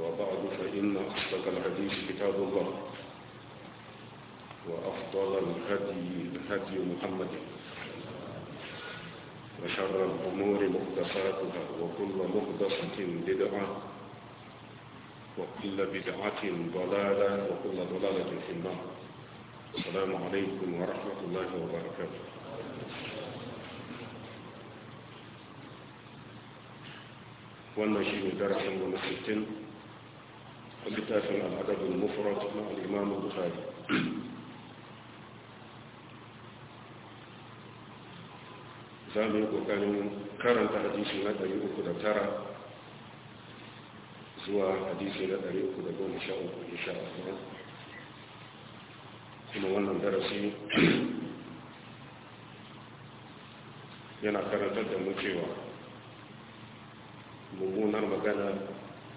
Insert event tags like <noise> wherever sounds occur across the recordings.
وبعد فإن أصدق الحديث كتاب الله وأفضل الهدي هدي محمد وشر الأمور مقدساتها وكل مقدسة بدعة وكل بدعة ضلالة وكل ضلالة في النار السلام عليكم ورحمة الله وبركاته wannan shi ne darasinmu littafin al'adabin mufarat na al'imamun buhari za mu yi ƙoƙarin karanta hadisi na 309 zuwa hadisi na 313 insha Allah kuma wannan darasi yana karantar da mu cewa mummunar magana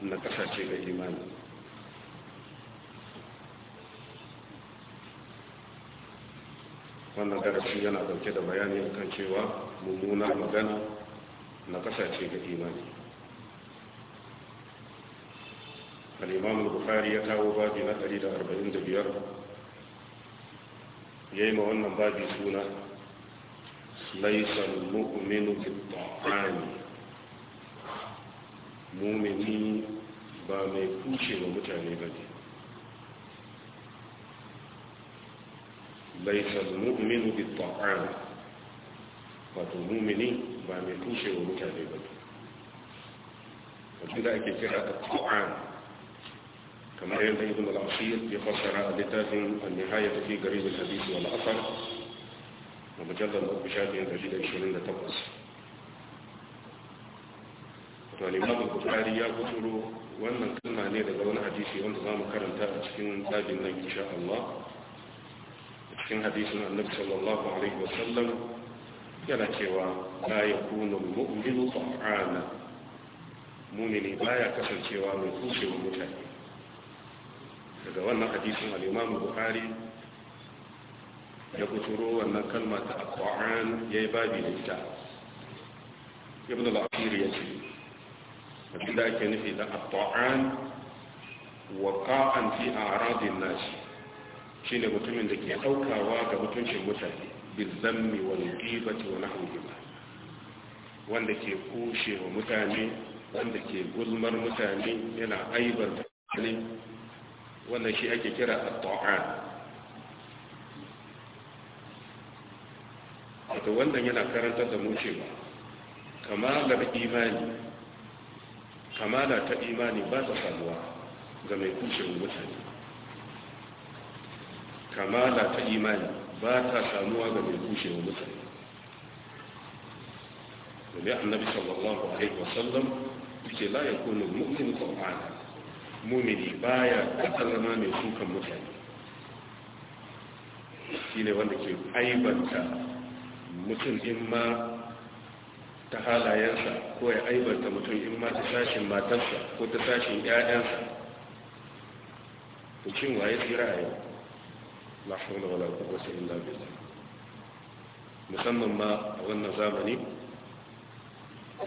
na kasashe ga imani wannan darasi yana dauke da bayani kan cewa mummuna magana na kasace ga imani al-imam bukhari ya kawo babi na 145 yayi ma wannan babi suna laysa al-mu'minu bit-ta'ani mumini ba mai kuce wa mutane bane ليس المؤمن بالطعام قد المؤمن ما ميكوش ومكذبة وجد أكي فيها الطعام كما هي الميد العصير الأصير في قصر أبتاه النهاية في قريب الحديث والأثر ومجد الأرض بشاهد أن تجد إشارين لتبقص فالإمام البخاري يقول وأن كل معنى لقوان حديثي وانتظام كرم تأتي من تاب إن شاء الله cikin hadisin annabi sallallahu alaihi wasallam yana cewa la yakunu muminu ta'ana mumini baya kasancewa mai kushewa mutane daga wannan hadisin al-imam bukhari ya kuturo wannan kalma ta al-qur'an yayi babi da ita ibn al-akhir ya ce abinda ake nufi da al-qur'an waqa'an fi a'radin ne mutumin da ke daukawa ga mutuncin mutane bizammi wal ghibati wa ba, wanda ke kushewa mutane wanda ke gulmar mutane yana aibar mutane wannan shi ake kira a taan Wata wannan yana karanta da mu cewa kamalar imani kamala ta imani ba ta faruwa ga mai wa mutane kamala ta imani ba ta samuwa ga mai kushe wa mutane domin annabi sallallahu alaihi wasallam yake la yakunu mu'min qur'ana mumini ba ya zama mai sukan mutane Shi ne wanda ke aibanta mutum in ma ta halayensa ko ya aibanta mutum in ma ta sashin matarsa ko ta sashin 'ya'yansa to cin waye tsira a yau la haula wala quwwata illa billah musamman ma a wannan zamani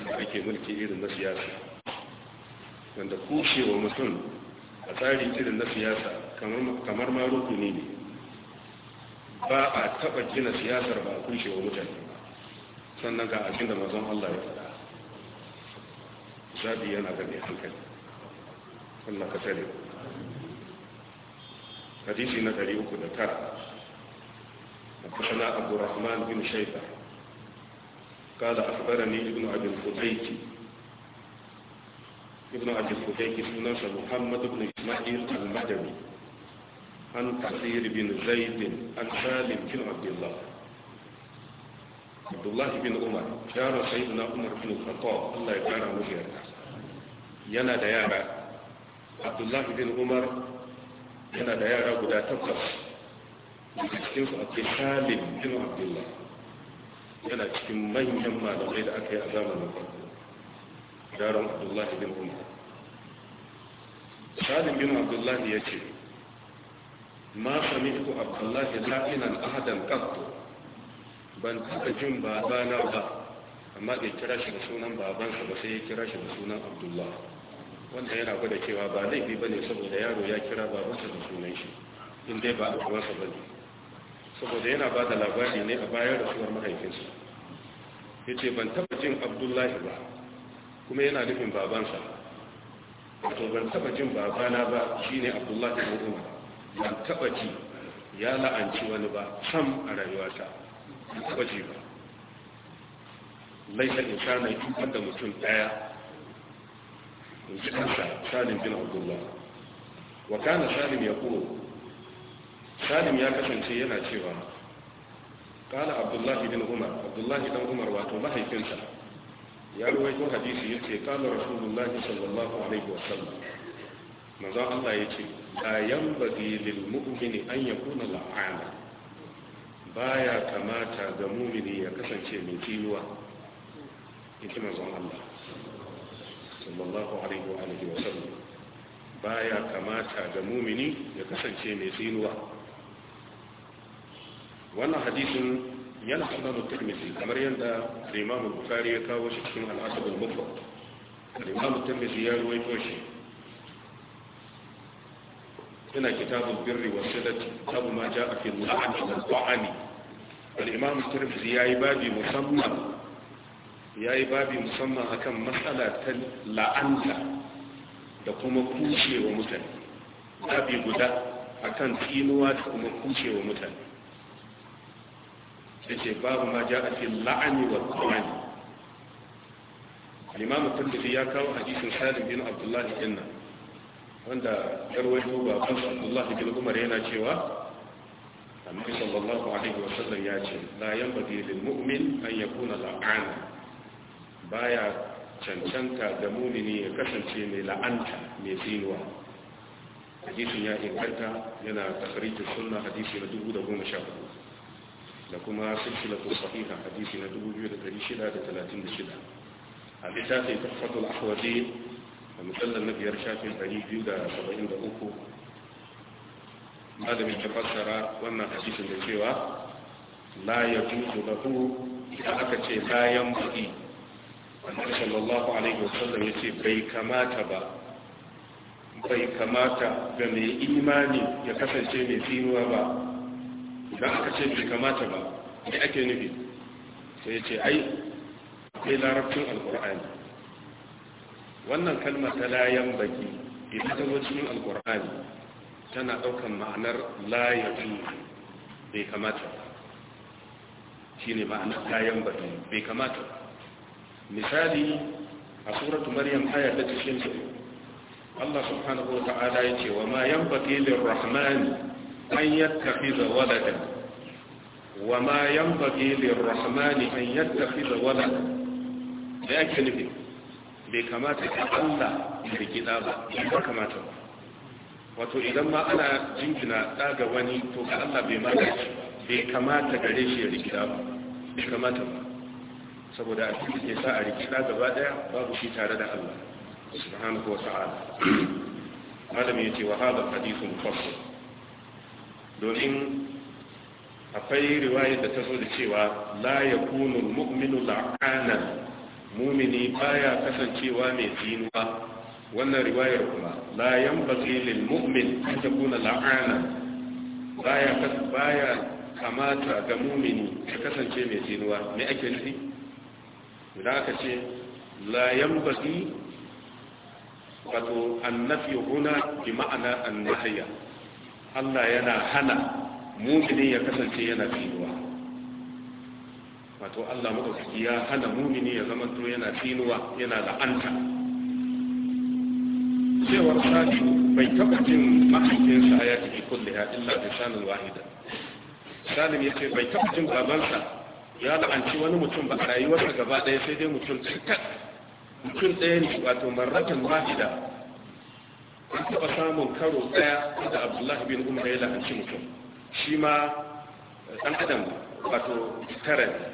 da ake mulki irin na siyasa wanda kushewa mutum a tsarin irin na siyasa kamar ma rukuni ne ba a taba gina siyasar ba a kushewa mutane sannan ga abin da mazan Allah ya fada zaɓi yana ga mai hankali Allah ka tsare hadisi na 309 حدثنا عبد الرحمن بن شيبة قال أخبرني ابن أبي الخزيك ابن أبي الخزيك سنة محمد بن إسماعيل المدني عن كثير بن زيد عن بن عبد الله عبد الله بن عمر كان سيدنا عمر بن الخطاب الله يكرمه يانا دا يارا عبد الله بن عمر yana da yara guda takwas daga cikin cikinsu akwai salim bin abdullah yana cikin manyan malamai da aka yi a zamanin farko yaron abdullah bin umar salim bin abdullah ya ce ma sami'tu abdullah la'inan ahadan qattu ban taɓa jin babana ba amma bai kira shi da sunan babansa ba sai ya kira shi da sunan abdullah wanda yana gwada cewa ba laifi ba ne saboda yaro ya kira babansa da sunan shi in dai ba a kuwansa ba ne saboda yana ba da labari ne a bayan rasuwar mahaifinsa ya ce ban taba jin abdullahi ba kuma yana nufin babansa wato ban taba jin babana ba shi ne abdullahi da umar ban taba ji ya la'anci wani ba sam a rayuwata ban taba ji ba laifin insana wanda da mutum daya in ji kansa salim bin abdullah wa kana salim ya kuro salim ya kasance yana cewa kala abdullahi bin umar abdullahi dan umar wato mahaifinsa ya ruwaito hadisi ya ce kala rasulullahi sallallahu alaihi wasallam Maza Allah ya ce la yanbaghi lil mu'mini an ya kuna la'ana baya kamata ga mumini ya kasance mai tiluwa in ji manzon Allah sallallahu alaihi wa alihi wa sallam baya kamata ga mumini ya kasance mai tsinuwa wannan hadisin yana sunan tirmidhi kamar yadda al-imam bukhari ya kawo shi cikin al-asab al-mufrad al-imam tirmidhi ya ruwaito shi yana kitabul birri was silati abu ma jaa fi al-la'ni wal-ta'ani al-imam tirmidhi yayi babi musamman ya yi babi musamman akan matsala ta la'anta da kuma kushewa mutane babi guda akan tsinuwa da kuma kushewa mutane da ce babu ma ja a fi la'ani wa tsawani alimamu turdufi ya kawo hadisin salim bin abdullahi inna wanda yarwaito baban abdullahi bin umar yana cewa annabi sallallahu alaihi wasallam ya ce la yanbaghi lil mu'min an yakuna la'ana baya cancanta ga mumini ya kasance mai la'anta mai tsinuwa hadisin ya inganta yana tasirin sunna hadisi na 2014 da kuma silsilatu sahiha hadisi na 2636 a littafin tafatul ahwazi a musallar na biyar shafin 273 da ta fassara wannan hadisin da cewa la ya juzu lahu da aka ce bayan buɗi annabi sallallahu alaihi wasallam yace bai kamata ba bai kamata ga mai imani ya kasance mai tsinuwa ba idan aka ce bai kamata ba me ake nufi sai yace ai akwai larabcin alqur'ani wannan kalma ta layan baki idan ta zo cikin alqur'ani tana ɗaukan ma'anar la bai kamata ba ne ma'anar layan baki bai kamata ba misali a suratu maryam aya ta cikin su Allah subhanahu wa ta'ala ya ce wa ma yan yanbaghi lirrahmani an yadda yattakhidha waladan wa ma yan yanbaghi lirrahmani an yattakhidha waladan da yake nufi bai kamata ka Allah da gida ba ya kamata ba wato idan ma ana jingina ɗaga wani to ka Allah bai mata bai kamata gare shi ya rigida ba bai kamata ba saboda a cikin ke sa a riki gaba ɗaya, babu shi tare da Allah subhanahu wa ta'ala malami yace wa hadha hadithun fasl domin akwai riwayar da ta zo da cewa la yakunu almu'minu la'ana mu'mini ya kasancewa mai zinuwa wannan riwayar kuma la yanbaghi lil mu'min an kuna la'ana baya ya kamata ga mu'mini ta kasance mai zinuwa me ake nufi idan aka ce la yanbaghi wato annafi huna bi ma'ana annahya Allah yana hana mumini ya kasance yana tsinuwa wato Allah madaukaki ya hana mumini ya zama to yana tsinuwa yana la'anta cewar sadi bai taɓa jin mahaifinsa ya ciki kulle ya illa bi sanin wahida salim ya ce bai taɓa jin babansa ya la'anci wani mutum ba a rayuwarsa gaba ɗaya sai dai mutum ɗaya mutum ɗaya ne wato marratan wahida an taɓa samun karo ɗaya da abdullahi bin umar ya la'anci mutum shi ma eh, ɗan adam wato tara ne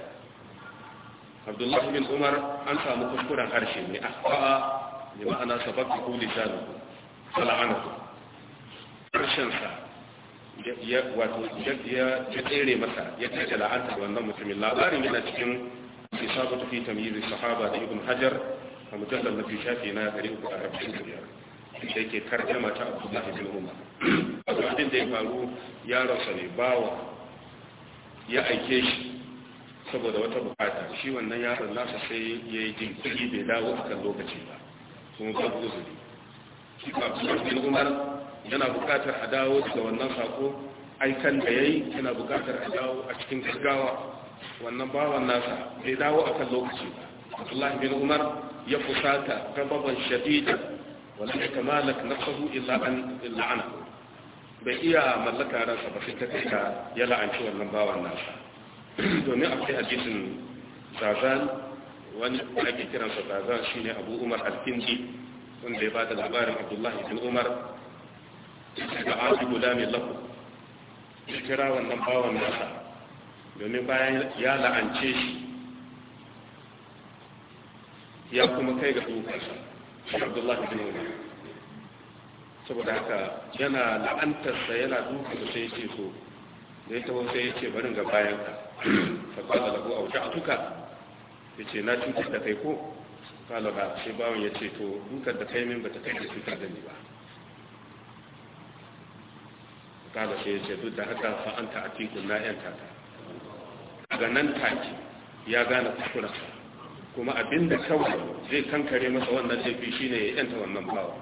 abdullahi bin umar an samu kuskuren harshe ne a ah, kwa'a ne ma'ana sababbi ko lisanu sala'anaku harshensa wato ya tsere masa ya tace la'anta da wannan mutumin labarin yana cikin isabatu fi tamyiz sahaba da ibn hajar a mujallal na shafi na 345 da yake tarjama ta abdullah ibn umar wato abin da ya faru yaron sa ne bawa ya aike shi saboda wata bukata shi wannan yaron nasa sai ya yi jinkiri bai dawo akan lokaci ba kuma babu uzuri shi ka abdullah ibn umar yana bukatar a dawo daga wannan sako aikan da ya yi yana bukatar a dawo a cikin gaggawa wannan bawan nasa bai dawo a kan lokaci Abdullahi bin Umar ya fusata rababan shadida wala kamalak nafsuhu na an illa ana bai iya mallaka ransa ba sai ta kai ya la'anci wannan bawan nasa <clears throat> domin akwai hadisin zazan wani ake kiransa zazan shine Abu Umar al wanda ya bada labarin Abdullahi bin Umar daga guda ne lafu ya kira wannan bawan nasa domin bayan ya la'ance shi ya kuma kai ga dukansa abdullahi bin umar saboda haka yana la'antarsa yana dukansa sai ce so da ya taho sai ce barin ga bayanka ta kwada lagu a wuce a tuka ya ce na cutar da kai ko kwada ba sai bawan ya ce to dukar da kai min ba ta kai da cutar da ni ba kala sai ya ce duk da haka fa an ta atikun na yan tata daga nan take ya gane kuskura kuma abinda kawai zai kankare masa wannan shi ne ya yanta wannan bawa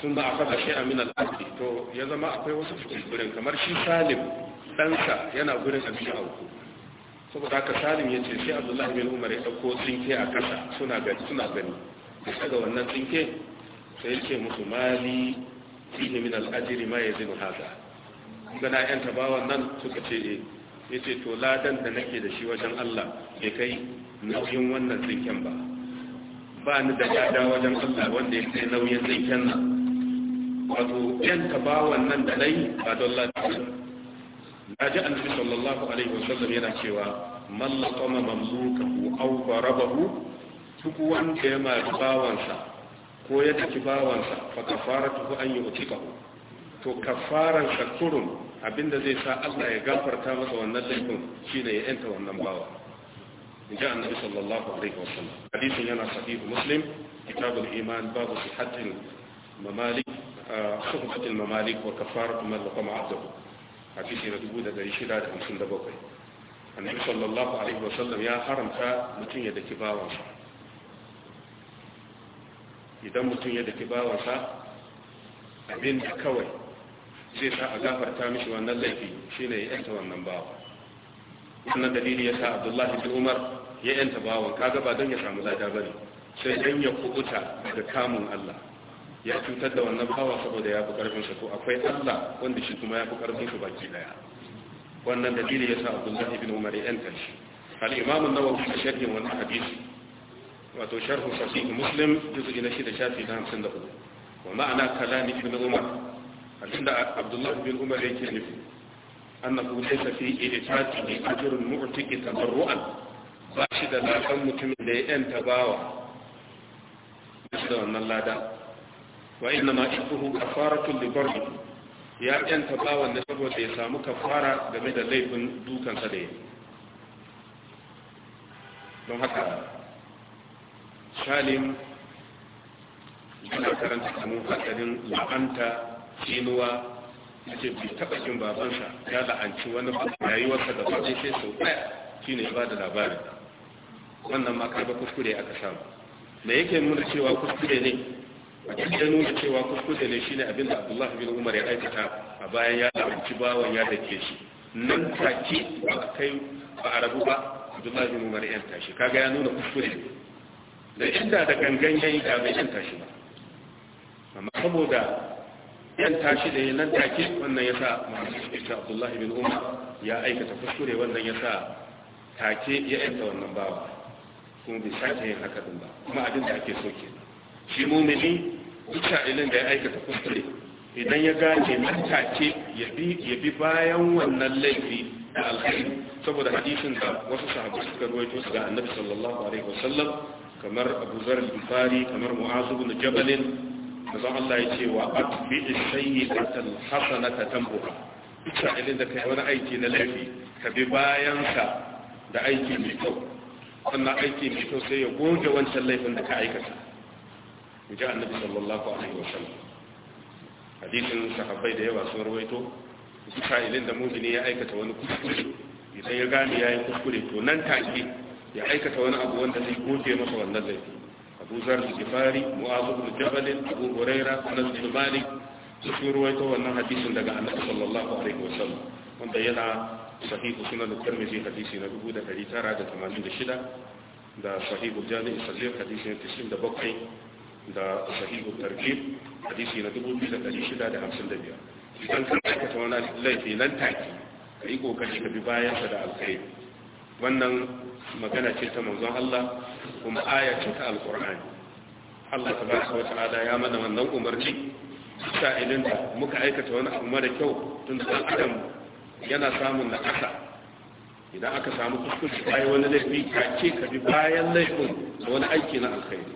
sun ba a faɗa shi a min al'adu to ya zama akwai wasu kuskuren kamar shi salim ɗansa yana gurin cikin auku saboda haka salim ya ce sai abdullahi bin umar ya ɗauko tsinke a ƙasa suna gani suna gani daga wannan tsinke sai ya ce musu mali fihi min al-ajri ma yazinu hada gana yan tabawan nan suka ce eh ce to ladan da nake da shi wajen Allah ya kai nauyin wannan tsinken ba ba ni da gada wajen Allah wanda ya kai nauyin tsinken nan wato yan tabawan nan da nayi ba don ladan na ji annabi sallallahu alaihi wasallam yana cewa mallaka mamlukahu ba rabahu? duk wanda ya mari bawansa ko ya daki bawansa fa hu an yu'tiqahu to kafaran shakurun abinda zai sa Allah ya gafarta masa wannan laifin shine ya enta wannan bawa inda annabi sallallahu alaihi wasallam hadisin yana sahih muslim kitab al-iman babu sihhatin mamalik uh, suhbatil mamalik wa kafaratu man laqama 'abdahu hadisi na 1657 annabi sallallahu alaihi wasallam ya haramta mutun ya daki bawansa idan mutum ya daki bawansa abin da kawai zai sa a gafarta mishi wannan laifi shine ya yanta wannan bawa wannan dalili ya sa abdullahi bin umar ya yanta bawan kaga ba don ya samu lada bane sai dan ya kubuta daga kamun Allah ya cutar da wannan bawa saboda ya fi karfin sa ko akwai Allah wanda shi kuma ya fi karfin sa baki daya wannan dalili ya sa abdullahi bin umar ya yanta shi al-imam an-nawawi sharhin wannan hadisi wato sharhu sahih muslim juz'i na shida shafi na hamsin da hudu. wa ma'ana kalami ibn umar abinda Abdullahi ibn umar yake nufi annahu laysa fi iltati ajrun mu'tiki tabarru'an ba shi da ladan mutumin da ya yanta bawa da wannan lada wa inna ma ibuhu kafaratun li barri ya yanta bawan ne saboda ya samu kafara game da laifin dukansa da yake don haka salim yana karanta kamun hatsarin la'anta inuwa ya ce bi taɓa kin babansa ya la'anci wani rayuwarsa da ba sai sau ɗaya shi ne ba da labarin wannan ma karba kuskure aka samu da yake nuna cewa kuskure ne a cikin nuna cewa kuskure ne shine abin da abdullah bin umar ya aikata a bayan ya la'anci bawan ya ke shi nan take ba kai ba a rabu ba abdullah bin umar ya tashi kaga ya nuna kuskure da inda da gangan yayi da bai yanta tashi ba amma saboda yan tashi da nan take wannan yasa Muhammad Abdullah ibn Umar ya aikata kuskure wannan yasa take ya aika wannan bawa kuma bai sake yin haka din ba kuma abin da ake so ke shi mumini duk ilin da ya aikata kuskure idan ya gane nan take ya bi ya bi bayan wannan laifi da alkhairi saboda hadisin da wasu sahabbai suka ruwaito su ga Annabi sallallahu alaihi wasallam kamar abu zar al-bifari kamar mu'az ibn da kaza Allah ya ce wa atbi as-sayyi'atan hasanatan tambuha sa'ilin da kai wani aiki na laifi ka bi bayan sa da aiki mai kyau sannan aiki mai kyau sai ya goge wancan laifin da ka aikata mu ji annabi sallallahu alaihi wasallam hadisin sahabbai da yawa sun rawaito sa'ilin da mu'mini ya aikata wani kuskure idan ya gane yi kuskure to nan take ya aikata wani abu wanda zai goge masa wannan laifi abu zar gifari mu'azu bin jabal abu huraira anas bin malik su ruwaito wannan hadisin daga annabi sallallahu alaihi wasallam wanda yana sahihu sunan tirmidhi hadisi na 1986 da sahihu jami'i sahih hadisi na 97 da sahihu tarjib hadisi na 2655 idan ka aikata wani laifi nan take kai kokari ka bi bayan sa da alkhairi wannan magana ce ta manzon Allah kuma aya ce ta alkur'ani Allah ta wata ala ya mana wannan umarni sa'ilin da muka aikata wani abu mara kyau tun da adam yana samun ƙasa idan aka samu kuskure bayan wani laifi ka ce ka bi bayan laifin da wani aiki na alkhairi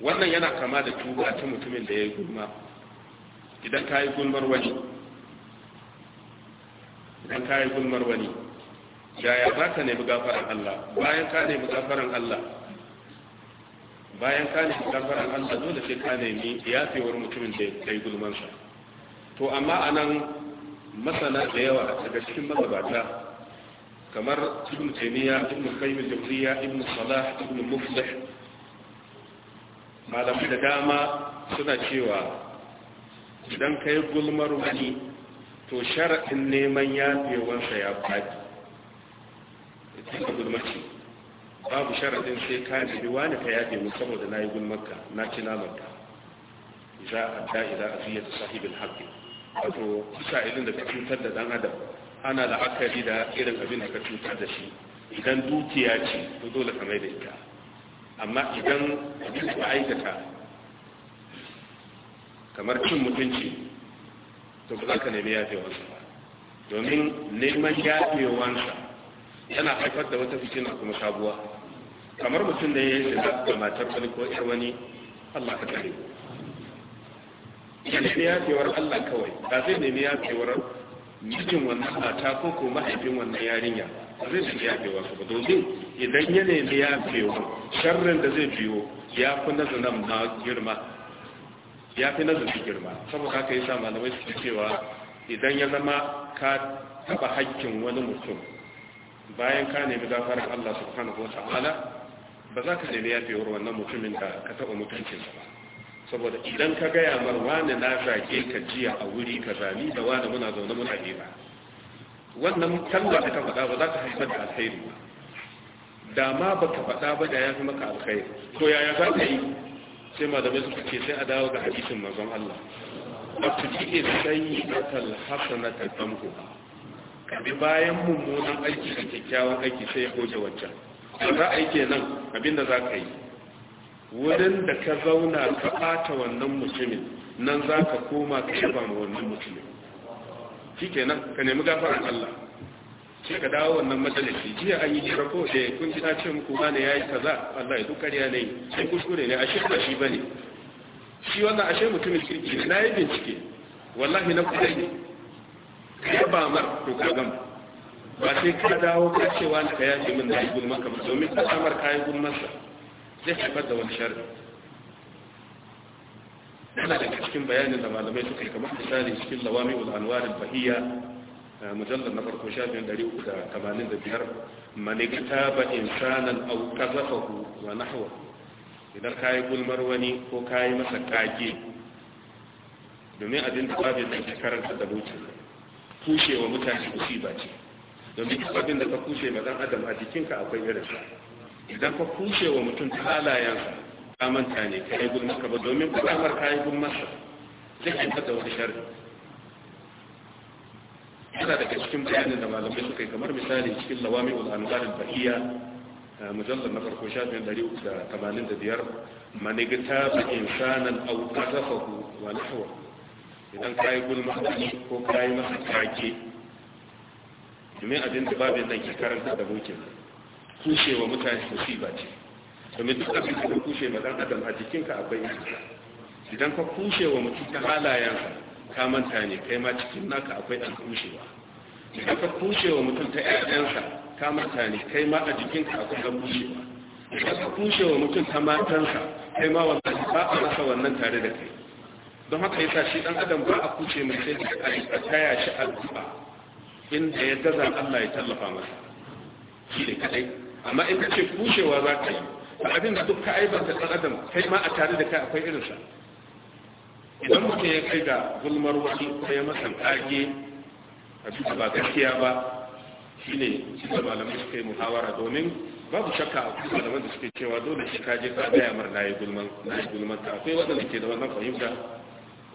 wannan yana kama da tuba ta mutumin da ya yi gulma idan ka yi gulmar wani yaya za ka nemi gafaran Allah bayan ka nemi gafaran Allah bayan ka nemi gafaran Allah dole sai ka nemi yafewar mutumin da ya yi gulmansa to amma anan masana da yawa daga cikin mazabata kamar ibn taymiya ibn qayyim al-jawziyya ibn salah ibn muflih malamai da dama suna cewa idan kai gulmar wani to shar'in neman yafewarsa ya faɗi sai ka gulmaci babu sharadin sai ka nemi wani ka yafe mu saboda na yi gulmarka na ci namarka za a da ila ta sahibin haƙƙi wato irin da ka cutar da dan adam ana la'akari da irin abin da ka cutar da shi idan dukiya ce to dole ka mai da ita amma idan abin da aikata kamar cin mutunci to ba za ka nemi yafewansa ba domin neman yafewansa yana haifar da wata fitina kuma sabuwa kamar mutum da ya yi shiga da matar wani ko ƴar wani Allah ka kare ya nemi yafewar Allah kawai ba zai nemi yafewar mijin wannan mata ko ko mahaifin wannan yarinya ba zai nemi yafewar ba domin idan ya nemi yafewar sharrin da zai biyo ya fi nazarin na girma ya fi nazarin girma saboda haka yasa malamai suke cewa idan ya zama ka taba hakkin wani mutum bayan ka nemi gafarar Allah subhanahu wata'ala ba za ka nemi yafewar wannan mutumin da ka taɓa mutuncinsa ba saboda idan ka gaya mar wani na zage ka jiya a wuri ka zami da wani muna zaune muna hira wannan talla da ka faɗa ba za ka haifar da alkhairi ba da ma ba ka faɗa ba da ya fi maka alkhairi ko yaya za ka yi sai malamai suka ce sai a dawo ga hadisin mazan Allah a tuji isayi ta talhasa na tattamko ka bi bayan mummunan aiki da kyakkyawan aiki sai ya goge wancan da za a yi kenan abinda za ka yi wurin da ka zauna ka ɓata wannan mutumin nan za ka koma ka shaba ma wannan mutumin shi kenan ka nemi gafara Allah sai ka dawo wannan majalisi jiya an yi jira ko da eh, kun ji na ce muku gane ne ya yi kaza Allah ya duk ya ne sai kuskure ne a shi ba shi ba ne shi wannan ashe mutumin kirki na yi bincike wallahi na kuɗa ne ka yaba mar to ka gama ba sai ka dawo ka ce na ka yaje min da gulma ka domin ka samar ka yi kayan sa sai ka da wani sharri yana daga cikin bayanin da malamai suka yi kamar misali cikin lawami wal anwarin bahiya eh, mujallar na farko shafin 385 manikta ba insanan au kazafahu wa nahwa idan ka yi gulmar wani ko ka yi masa kage domin abin da babin da ke karanta da wuce kushe wa mutane musiba ce domin abin da ka kushe ma dan adam a jikinka akwai irin sa idan ka kushe wa mutum halayensa ka manta ne ka yi gulma ba domin kuɗamar ka yi gulma masa zai haifar da wani sharri yana daga cikin bayanin da malamai suka yi kamar misali cikin lawami wa anwar al bahiya mujallar na farko shafin 385 manigta bi insanan aw qazafahu wa nahwahu idan ka yi gulma ko ka yi masa kake domin abin da babin nan ke karanta da bukin kushewa mutane su ba ce domin duk abin da kushe ma dan adam a jikinka akwai iska idan ka kushewa mutum ta halayen ka manta ne kai ma cikin naka akwai dan kushewa idan ka kushewa mutum ta ƴaƴansa ka manta ne kai ma a jikinka akwai dan kushewa idan ka kushewa mutum ta matansa kai ma wannan ba a rasa wannan tare da kai don haka yasa shi dan adam ba a kuce mai sai a taya shi addu'a inda ya gaza Allah ya tallafa masa shi da kadai amma in kace kushewa za ka yi abin da duk ka aibanta dan adam kai ma a tare da kai akwai irinsa idan mutum ya kai ga gulmar wani ko ya masa kage a duka ba gaskiya ba shi ne shi da malamai suka yi muhawara domin babu shakka a kusa da da suke cewa dole shi kaje ka gaya mar na yi gulman ta. akwai waɗanda ke da wannan fahimta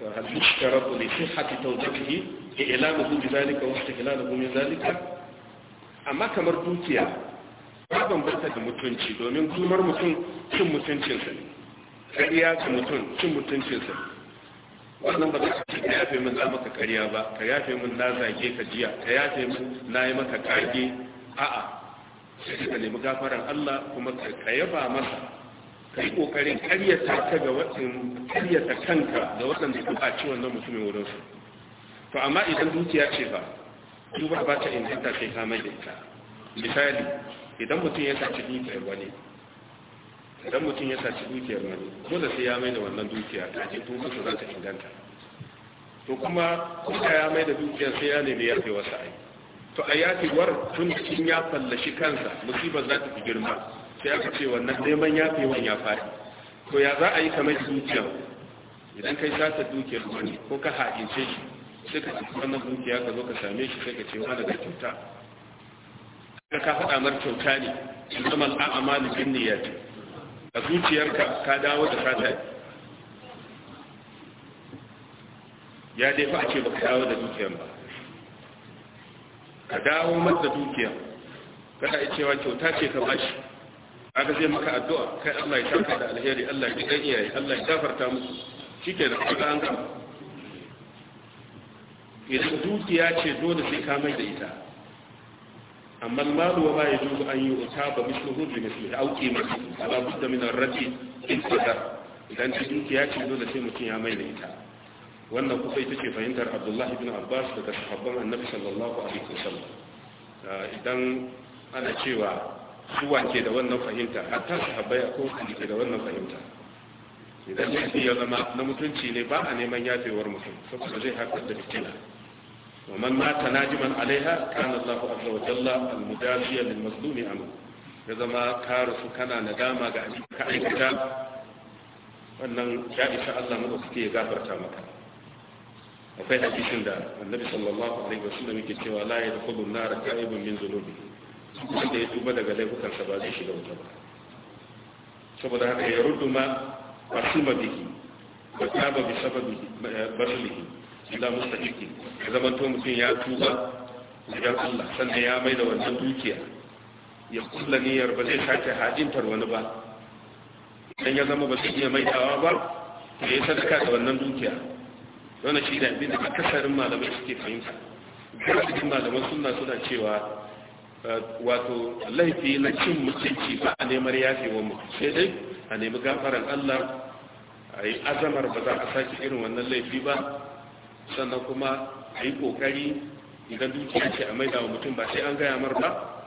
هل يشترط لصحة توجبه إعلامه بذلك واستقلاله من ذلك أما كما دوكيا babban bata da mutunci domin kumar mutum cin mutuncinsa kariya ga mutum cin mutuncinsa wannan ba za ka ce ka yafe min za maka kariya ba ka yafe min na zage ka jiya ka yafe min na yi maka kage a'a sai ka nemi gafaran Allah kuma ka yaba masa ka yi ƙoƙarin karyata ka ga waɗin karyata kanka da waɗanda ku ɓaci wannan mutumin wurinsu to amma idan dukiya ce ba su ba ta inganta sai ka mai da ita misali idan mutum ya saci dukiyar wani idan mutum ya saci dukiyar wani da sai ya mai da wannan dukiya ta ce tuba su za ta inganta to kuma kuka ya mai da dukiyar sai ya nemi yafe wasu ai to a war tun cikin ya fallashi kansa musibar za ta fi girma sai aka ce wannan neman ya fi wani ya faɗi to ya za a yi kamar dukiyar idan kai sata dukiyar wani ko ka haƙince shi sai ka ci wannan dukiya ka zo ka same shi sai ka ce wani daga kyauta ka ka faɗa mar kyauta ne zama al'amma da jin niyyar a zuciyarka ka dawo da sata ya dai fa a ce ka dawo da dukiyar ba ka dawo masa dukiyar kada ya cewa kyauta ce ka bashi aka sai maka addu'a kai Allah ya saka da alheri Allah ya kai iyaye Allah ya gafarta musu shikenan kaga an gama idan dukiya ce dole sai ka mai da ita amma malu wa ma yajuzu an yi yu'ta ba misluhu bi mislihi au qimati ala budda min ar-rati in qadar idan dukiya ce dole sai mutum ya mai da ita wannan kusa ita ce fahimtar Abdullah ibn Abbas daga sahabban Annabi sallallahu alaihi wasallam ah, idan ana cewa su wake da wannan fahimta hatta sahabbai a kowane ke da wannan fahimta idan yafi ya zama na mutunci ne ba a neman yafewar mutum saboda zai haifar da fitina ومن مات ناجما عليها كان الله عز Ya zama للمظلوم عنه kana nadama ga كان نداما كأيكتا wannan ya isa Allah mu suke gafarta maka akwai hadisin da annabi sallallahu alaihi wasallam yake cewa la yadkhulu an-nar ta'ibun min dhunubihi wanda ya tuba daga laifukansa ba zai shiga wuta ba saboda haka ya rudu ma asuma bihi wa taba bi ba eh, baslihi ila ciki ya zama to mutum ya tuba ya Allah sannan ya mai da wannan dukiya ya kulla niyyar ba zai sake hajjintar wani ba idan ya zama ba su iya dawa ba ta yi sadaka da wannan dukiya wannan shi da abin da kasarin malamai suke fahimta kuma cikin malaman suna suna cewa wato laifi na cin mutunci ba a neman yafi wa mutum sai dai a nemi gafarar Allah a yi azamar ba za a sake irin wannan laifi ba sannan kuma a yi kokari idan dukiya ce a maida wa mutum ba sai an gaya mar ba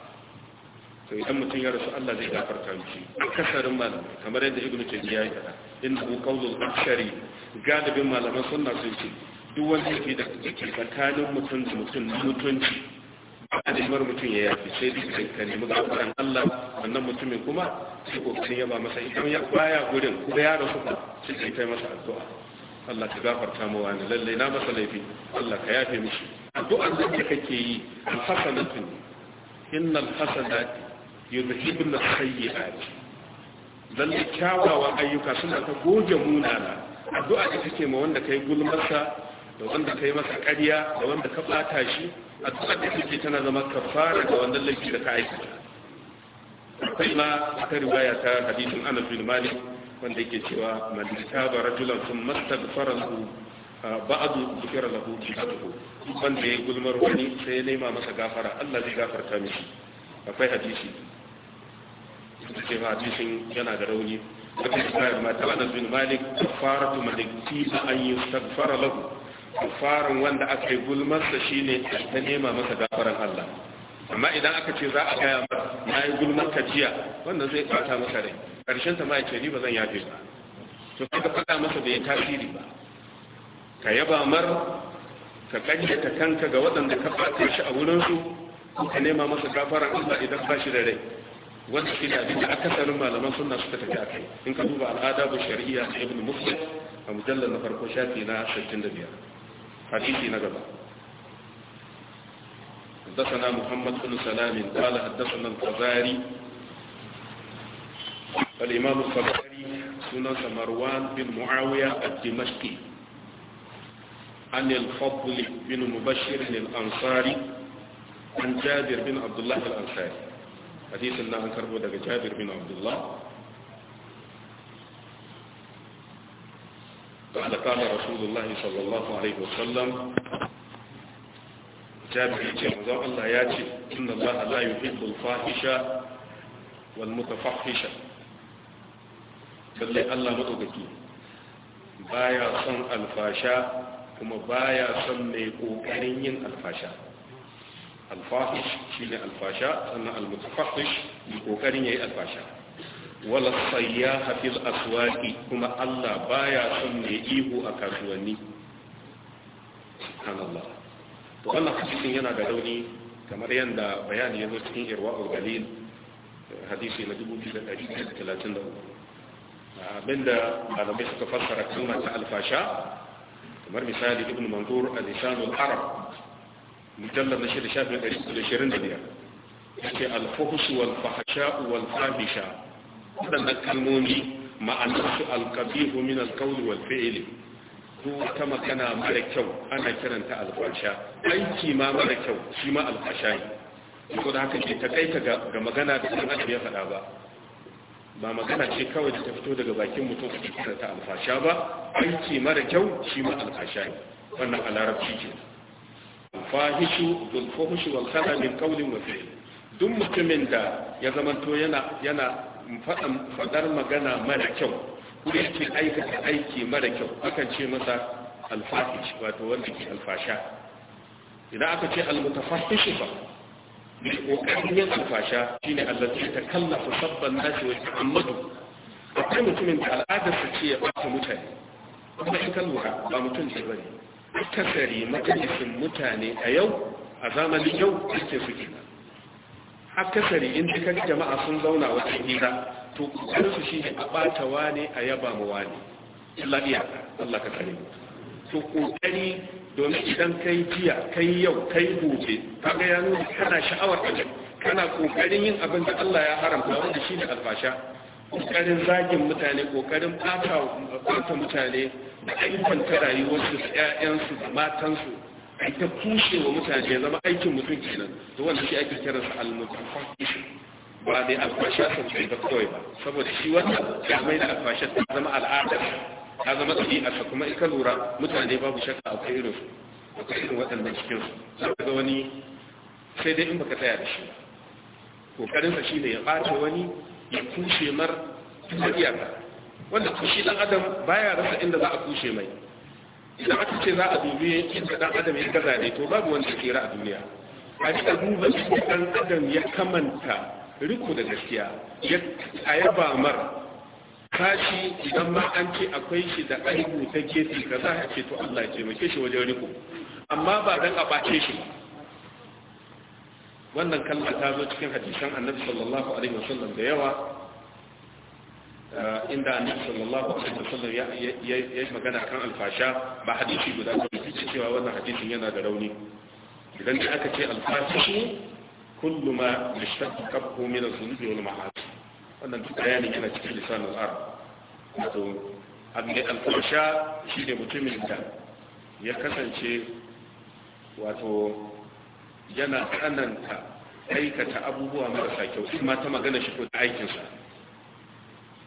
to idan mutum ya rasu Allah zai gafarta mishi kasarin malamai kamar yadda ibnu taymiya ya yi faɗa inna hu qawlul akshari galibin malaman sunna sun ce duk wanda yake da tsakanin mutum da mutum mutunci a jimar mutum ya yafi sai duk ka nemi gafaran Allah wannan mutumin kuma sai kokarin yaba masa idan ya baya gurin kuma ya rasu ba sai kai kai masa addu'a Allah ka gafarta mu wani lalle na masa laifi Allah ka yafe mishi addu'ar da kake yi alhasanatu innal hasanati yuzhibun sayyi'at lalle kyawawan ayyuka suna ta goge munana addu'a da kake ma wanda kai gulmarsa da wanda kai masa ƙarya da wanda ka bata shi addu'ar da take tana zama kafara ga wannan laifi da ka aikata akwai ma aka riwaya ta hadisin Anas bin Malik wanda yake cewa man taba rajulan sun astaghfara lahu ba'du dhikra lahu jihatuhu wanda ya gulmar wani sai ya nema masa gafara Allah zai gafarta mishi akwai hadisi ce hadisin yana da rauni wata isra ma ta Anas bin Malik kafaratu man tiba an yastaghfara lahu kafarin wanda aka yi gulmarsa shine ta nema masa gafaran Allah amma idan aka ce za a gaya ma, na yi gulmar ka jiya wannan zai ɓata masa rai Karshen ta ma ya ce ni ba zan yafe ba to sai ka faɗa masa bai tasiri ba ka yaba mar ka ta kanka ga waɗanda ka ɓata shi a wurinsu ka nema masa gafaran Allah idan ba shi da rai wanda shi da abin da akasarin malaman sunna suka tafi a kai in ka duba al'ada bu shari'a ta ibn muslim a mujallar na farko shafi na 65 حديثي نقبا حدثنا محمد بن سلام قال حدثنا الخزاري الإمام الخزاري سنة مروان بن معاوية الدمشقي عن الفضل بن مبشر الأنصاري عن جابر بن عبد الله الأنصاري حديث الله أنكره جابر بن عبد الله قال قال رسول الله صلى الله عليه وسلم جابري جمزو الله ياتي إن الله لا يحب الفاحشة والمتفحشة بل الله مدوكي بايا صن الفاشا كما بايا صن ميقوكرين الفاشا الفاحش شيء الفاشا أن المتفحش ميقوكرين الفاشا wala sayyaha fil aswaqi kuma Allah baya son ne ihu a kasuwanni subhanallah to Allah cikin yana da rauni kamar yanda bayani yazo cikin irwaul galil hadisi na 2333 abinda malamai suka fassara kalma ta alfasha kamar misali ibn mandur al-lisanul arab mujallad na shafin 125 Ya ce fuhsh wal fahsha wal fahisha waɗannan kalmomi ma'anarsu alkabihu min alkauli wal fi'ili duk wata magana mara kyau ana kiranta alfasha aiki ma mara kyau shi ma alfasha ne ko da haka ce ta kai ka ga magana da kuma adam ya faɗa ba ba magana ce kawai da ta fito daga bakin mutum a cikin ta alfasha ba aiki mara kyau shi ma alfasha ne wannan a larabci ke alfahishu zulfahishu wal khada min qawlin wa fi'l duk mutumin da ya zamanto yana yana faɗar magana mara kyau ko yake aikata aiki mara kyau akan ce masa alfahish wato wanda ke alfasha idan aka ce almutafahish ba mai kokarin yin alfasha shi shine allazi ta kallafa sabban nasi wa ta'ammadu akwai mutumin da al'adarsa ce ya ɓata mutane kuma in ka lura ba mutum ne bane akasari majalisin mutane a yau a zamanin yau suke suke akasari in dukkan jama'a sun zauna wata hira to kansu shi ne a ɓata wane a yaba ma wane lafiya Allah ka kare to kokari domin idan kai jiya kai yau kai gobe ka ga nuna kana sha'awar ka kana kokarin yin abin da Allah ya haramta wanda shi ne alfasha kokarin zagin mutane kokarin ɓata mutane da ayyukan ta rayuwarsu da ƴaƴansu da matansu ai ta kushe wa mutane zama aikin mutum kenan to wanda shi ake kiran sa al-mutafakkir ba dai al-fasha sai ba kawai ba saboda shi wannan ya mai da al-fasha ta zama al'ada ta zama ɗabi'a ta kuma ika lura mutane babu shakka akwai irin da akwai irin waɗannan cikin su ga wani sai dai in baka tsaya da shi kokarin sa shine ya ɓace wani ya kushe mar ta iyaka wanda kushi ɗan adam baya rasa inda za a kushe mai idan aka ce za a dubi inda dan adam ya gaza ne to babu wanda ke ra a duniya a ji duba shi dan adam ya kamanta riko da gaskiya ya ayaba mar kashi idan ma an ce akwai shi da aibu ta gefe ka za a ce to Allah ya taimake shi wajen riko amma ba dan a bace shi wannan kalma ta zo cikin hadisan Annabi sallallahu alaihi wasallam da yawa inda annabi sallallahu alaihi wasallam ya yi magana kan alfasha ba hadisi guda ba ne cewa wannan hadisin yana da rauni idan da aka ce alfashi kullu ma yashtaqaqu min az-zunubi wal ma'asi wannan duk bayanin yana cikin lisanul arab wato abin alfasha shine mutumin da ya kasance wato yana tsananta aikata abubuwa marasa kyau ma ta magana shi ko ta aikinsa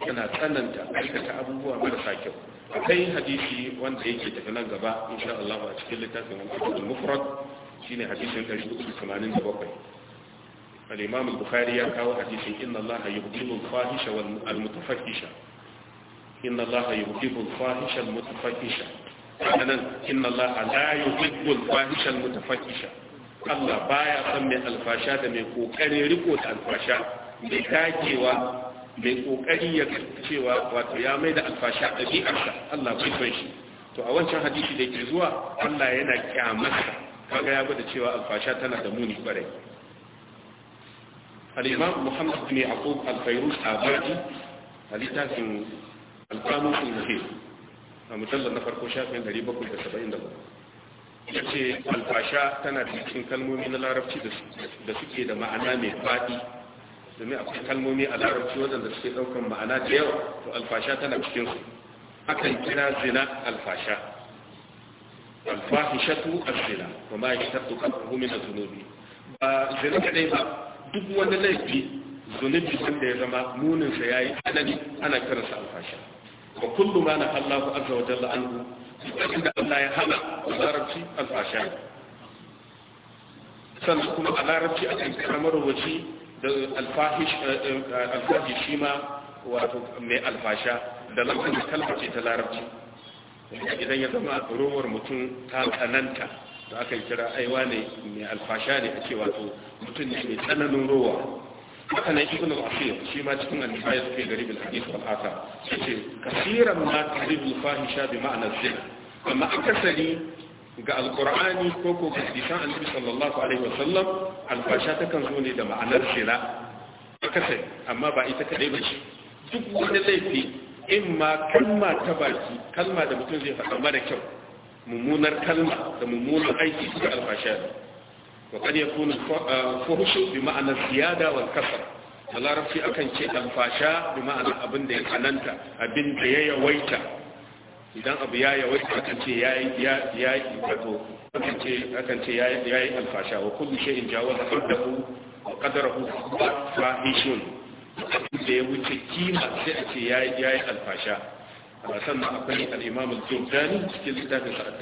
yana tsananta aikata abubuwa marasa kyau akwai hadisi wanda yake tafi nan gaba insha Allah a cikin littafin al-Adabul Mufrad shine hadisin 387 al-Imam al-Bukhari ya kawo hadisin inna Allah yuhibbu al-fahisha wal mutafakkisha inna Allah yuhibbu al-fahisha wal mutafakkisha anan inna Allah la yuhibbu al-fahisha wal mutafakkisha Allah baya son mai alfasha da mai kokarin riko da alfasha mai dagewa mai kokari ya cewa wato ya mai da alfashi a ɗabi'arsa Allah bai bai shi to a wancan hadisi da ke zuwa Allah yana kyamarsa kaga ya gwada cewa alfasha tana da muni kwarai al-imam Muhammad bin Yaqub al-Fayrus Abadi a littafin al-Qamus al-Muhim a mujallar na farko shafin 774 ya ce alfasha tana cikin kalmomi na larabci da suke da ma'ana mai faɗi domin akwai kalmomi a larabci wadanda suke ɗaukan ma'ana da yawa to alfasha tana cikin su akan kira zina alfasha alfahishatu azzina wa ma yashtartu qablahu min az-zunubi ba zina kadai ba duk wani laifi zunubi da ya zama munin sa yayi tsanani ana kiransa alfasha wa kullu ma na Allahu azza wa jalla anhu inda Allah ya hana larabci alfasha sannan kuma a larabci akan kira waje. da eh, eh, eh, alfahish shi ma wato mai alfasha da kalmar ce ta larabci idan ya zama rowar mutum ta tsananta da aka yi kira aiwa ne mai alfasha ne ake wato mutum ne mai tsananin rowa haka nan ibn al-asir shi ma cikin al-bidaya suke gari bil hadith wal athar yace kasiran ma tadil fahisha bi ma'na zina amma akasari ga alkur'ani ko ko hadisan annabi sallallahu alaihi wasallam alfasha ta kan zo ne da ma'anar shira kasa amma ba ita kadai ba ce duk wani laifi in ma kalma ta baki kalma da mutum zai faɗa mara kyau mummunar kalma da mummunar aiki suka alfasha ne wa kad yakunu fuhushu bi ma'anar ziyada wal kasra da larabci akan ce alfasha bi ma'anar abin da ya kananta abin da ya yawaita idan abu ya yawaita akan ce ya yi ya ya yi wato akan ce akan ce ya yi alfasha wa kullu shay'in jawaza qaddahu wa qadarahu fahishun da ya wuce kima sai a ce ya yi ya yi alfasha sannan akwai al-imam al-jurdani cikin littafin sa at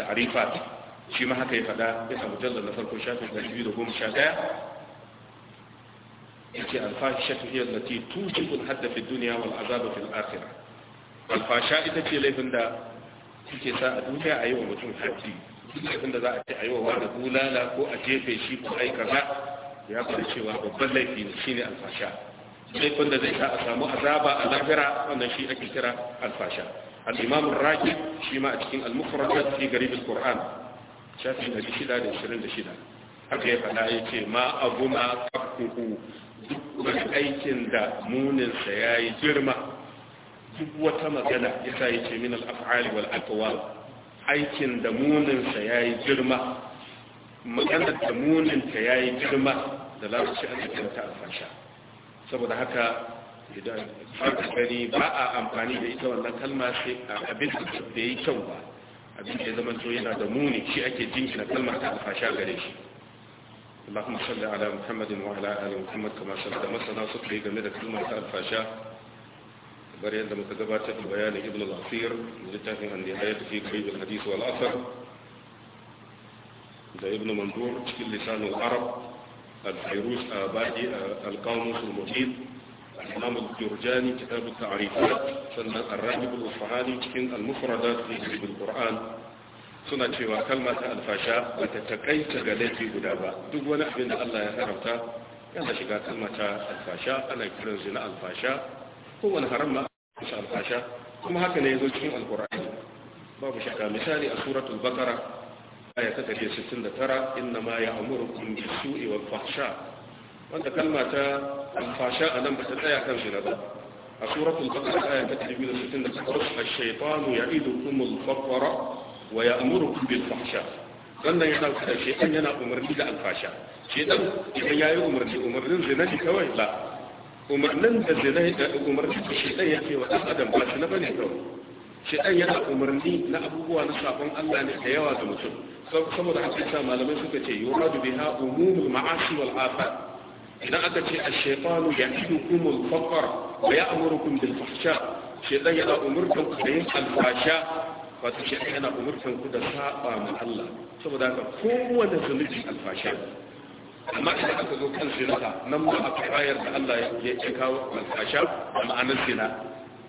shi ma haka ya fada ya samu mujallal na farko shafi 211 yake alfahisha ta hiyar da ke hadda fi duniya wal azaba fil akhirah alfasha ita ce laifin da ke sa a duniya a yi wa mutum haji abin da za a ce a yi wa wani bulala ko a jefe shi ko a kaza ya fara cewa babban laifi ne shine alfasha laifin da zai sa a samu azaba a lahira wannan shi ake kira alfasha al-imam ar-raqib shi ma a cikin al-mufradat fi garib al-qur'an shafi 626 haka ya fada yace ma abuna qafuhu duk aikin da munin sa yayi girma duk wata magana ya sa yace min al-af'ali wal aqwal aikin da munin ya yi girma maganar da munin ya yi girma da larabci an cikin ta alfasha saboda haka idan aka gani ba a amfani da ita wannan kalma sai a abin da ya yi kyau ba abin da ya zama to yana da muni shi ake jinkina kalmar ta alfasha gare shi اللهم صل على محمد وعلى ال محمد كما صليت وسلمت على game da kalmar ta alfasha bar yadda muka gabatar da bayanin ibn al-asir littafin an-nihayat fi qarib al-hadith wal asar da ibn mandur cikin lisan al-arab al-fayrus abadi al-qamus al-muhit الإمام الجرجاني كتاب التعريفات سنة الراجب الأصفهاني cikin المفردات في حزب القرآن suna cewa kalma ta alfasha ba ta takaita ga laifi guda ba duk wani abin da Allah ya haramta yana shiga kalma ta alfasha ana kiran zina alfasha ko wani haram ma bisa alfasha kuma haka ne ya zo cikin alkur'ani babu shakka misali a suratul bakara aya ta take 69 inna ma ya'murukum bis-su'i wal fahsha wanda kalma ta alfasha anan ba ta tsaya kan shi ba a suratul bakara aya ta 69 ash-shaytanu ya'idukum al-faqra wa ya'murukum bil-fahsha wannan yana kada shi dan yana umarni da alfasha shi dan idan yayi umarni umarnin zina ne kawai la umarnin da zinai da umarni da shi ɗan yake wa ɗan adam ba shi na bane kawai shi ɗan yana umarni na abubuwa na sabon Allah ne da yawa da mutum saboda haka sa malamai suka ce yuradu biha umumul ma'asi wal afat idan aka ce a ya ash-shaytanu ya'idukum da ya wa ya'murukum bil fahsha shaytan yana umurtan ku da yin al-fahsha wato shaytan yana umurtan ku da saba ma Allah saboda haka kowane zunubi alfasha. amma idan aka zo kan zinata nan ma akwai ayar da Allah ya kawo alkasha a ma'anar zina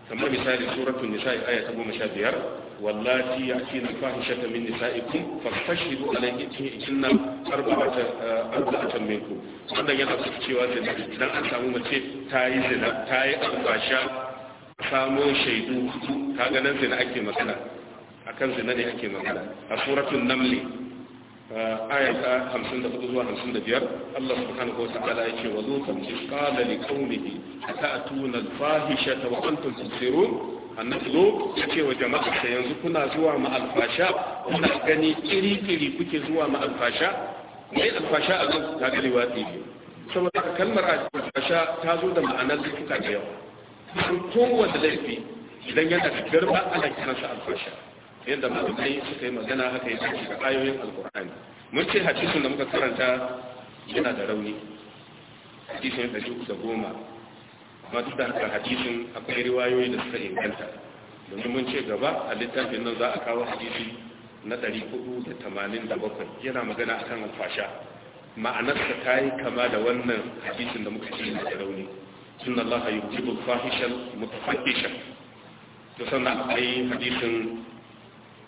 kamar misali suratul nisa aya ta 15 wallati yatina fahishata min nisaikum fastashhidu alayhinna arba'atan eh, arba'atan minkum wannan yana cewa da idan an samu mace ta yi zina ta yi alkasha samo shaidu ta nan zina ake magana akan zina ne ake magana a suratul namli aya ta 54 zuwa 55 Allah subhanahu wata'ala yake wa lutan ji qala li qaumihi ata'tuna al-fahishata wa antum tusirun annabi lut yake wa jama'a yanzu kuna zuwa ma al-fasha kuna gani iri iri kuke zuwa ma al-fasha mai al-fasha a zuwa ta gari wati saboda kalmar al-fasha ta zo da ma'anar laifuka da yawa kowanne laifi idan yana da girma ana kiransa al-fasha yadda malamai suka yi magana haka ya yake shiga ayoyin alkur'ani mun ce hadisun da muka karanta yana da rauni hadisun da shi da goma amma duk da haka hadisun akwai riwayoyi da suka inganta domin mun ce gaba a littafin nan za a kawo hadisi na 487 yana magana akan alfasha ma'anarsa ta yi kama da wannan hadisun da muka ce da rauni sunna Allah yujibu fahishan mutafahishan to sannan akwai hadisun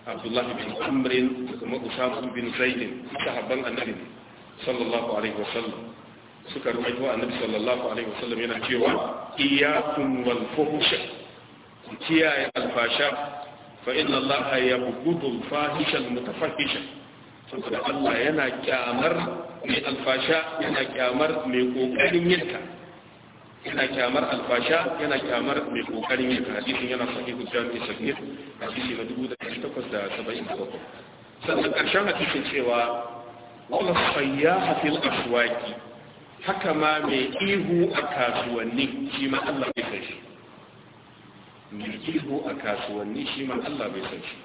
abdullah bin amrin da kuma usama bin zaidin sahabban annabi sallallahu alaihi wasallam suka rumaito annabi sallallahu alaihi wasallam yana cewa iyyakum wal fuhsha kiyaye alfasha fa inna allaha yabghudu al fahisha al mutafahisha saboda Allah yana kyamar mai alfasha yana kyamar mai kokarin yinta yana kyamar alfasha yana kyamar mai kokarin yin hadisun yana sahihu jami'i sahih hadisi na 1877 sannan karshen hadisun cewa wala sayya fil aswaqi haka ma mai ihu a kasuwanni shi ma Allah bai san shi mai ihu a kasuwanni shi ma Allah bai san shi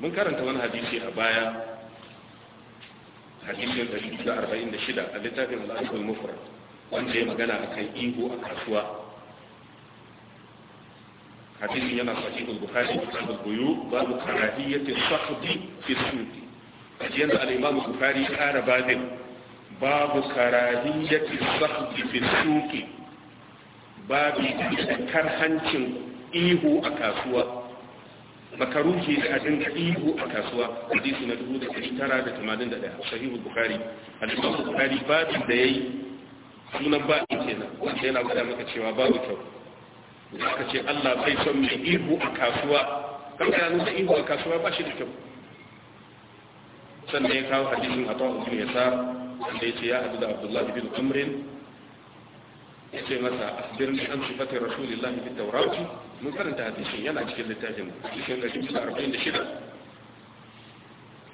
mun karanta wani hadisi a baya hadisin shida, a littafin al'adun mufarar wanda ya magana akan ihu a kasuwa hadisin yana sahihul bukhari kitabul buyu babu karahiyyati sakhbi fi suqi kajiyan da al-imam bukhari ya kara babin babu karahiyyati sakhbi fi suqi babu karhancin ihu a kasuwa makaruki da a dinga ihu a kasuwa hadisi na 1981 sahihul bukhari hadisi bukhari babin da yayi sunan ba'i kenan wanda yana gwada maka cewa babu kyau da aka ce Allah bai son mai ihu a kasuwa kan kana nuna ihu a kasuwa ba shi da kyau sannan ya kawo hadisin a tawon ibn yasa wanda ce ya hadu da bin umrin ya ce masa asbirni an sifati rasulillahi bit tawrat mun karanta hadisin yana cikin littafin cikin 46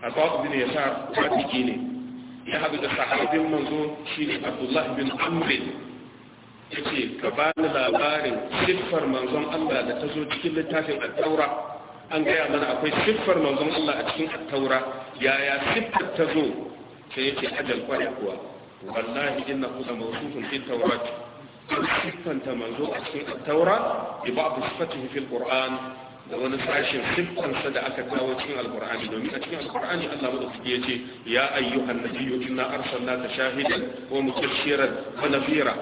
a tawon ibn yasa ta ne ya haɗu da sahabin manzo shi ne abdullah bin amrin ya ce ka ba ni labarin siffar manzon allah da ta zo cikin littafin attaura an gaya mana akwai siffar manzon allah a cikin attaura yaya siffar ta zo sai ya ce ajal kwaya kuwa wallahi inna kusa mawsufun fi tawrat siffanta manzo a cikin attaura bi ba'd sifatihi fil qur'an da wani sashen siffansa da aka kawo cikin alkur'ani domin a cikin alkur'ani Allah madaukaki ya ce ya ayyuhan nabiyyu inna arsalnaka shahidan wa mubashiran wa nadhira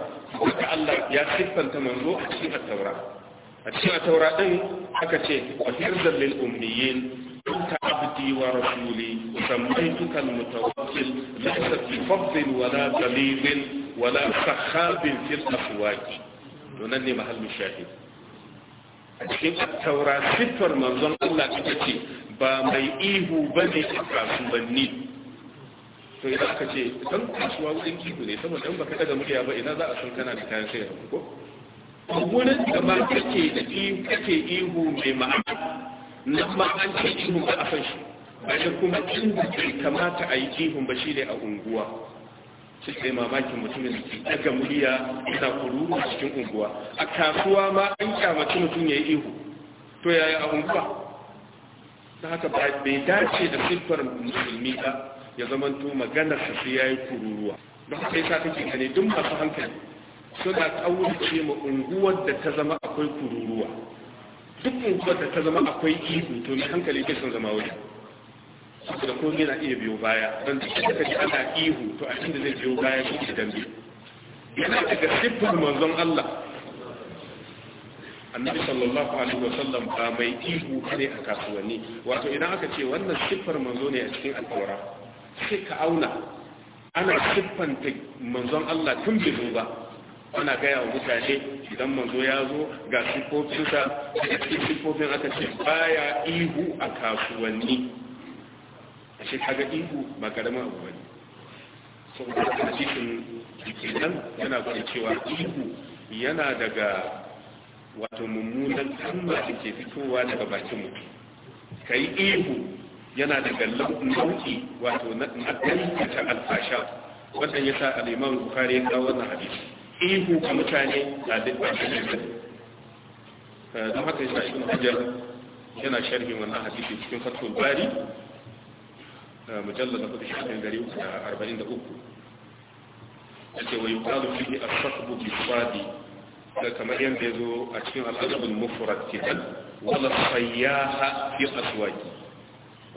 ka Allah ya siffanta manzo a cikin at-taura a cikin at-taura din aka ce qahirdan lil ummiyin kunta abdi wa rasuli sammaytuka al-mutawakkil laysa bi fadlin wala dalilin wala sahabin fil aswaq to ne mahallin shahid a cikin taura siffar manzon Allah ita ce ba mai ihu ba ne a kasuwanni to idan aka ce don kasuwa wurin kihu ne saboda 'yan baka daga murya ba ina za a san kana da kayan sayar ko wurin da ba kake da kake ihu mai ma'ana na ma an ce ihu ba a fashi ba da kuma inda bai kamata a yi ihun ba shi ne a unguwa suke mamakin mutumin su daga muliya ta kuru a cikin unguwa a kasuwa ma an kyamaci mutum ya yi ihu to yaya a unguwa ta haka bai dace da siffar musulmi ba ya zamanto maganar su ya yi kururuwa don haka yasa kake gane duk masu hankali suna kaurace ma unguwar da ta zama akwai kururuwa duk unguwar da ta zama akwai ihu to mai hankali ke son zama wajen saboda komai na iya biyo baya don da suka ana ihu to a da zai biyo baya shi da dambe yana daga siffar manzon Allah annabi sallallahu alaihi wa sallam ba mai ihu kare a kasuwanni wato idan aka ce wannan siffar manzo ne a cikin alƙawara sai ka auna ana siffanta manzon Allah tun bi ba ana gaya wa mutane idan manzo ya zo ga siffofinsa a cikin siffofin aka ce baya ihu a kasuwanni ce kaga ihu ba karamin abu bane saboda cikin kenan yana gwada cewa ihu yana daga wato mummunan kalma da ke fitowa daga bakin mutum yi ihu yana daga nau'i wato na ta alfasha wannan yasa sa imam bukari ya kawo wannan hadis ihu ga mutane da duk bakin mutum eh, don haka yasa Ibn Hajar yana sharhin wannan hadisi cikin Fathul Bari مجلد قد شكل داريوس أربعين دقوق ويقال فيه الصحب بالصادي كما ينبذو أتفين الأدب المفرد كذا ولا الصياحة في أسواجي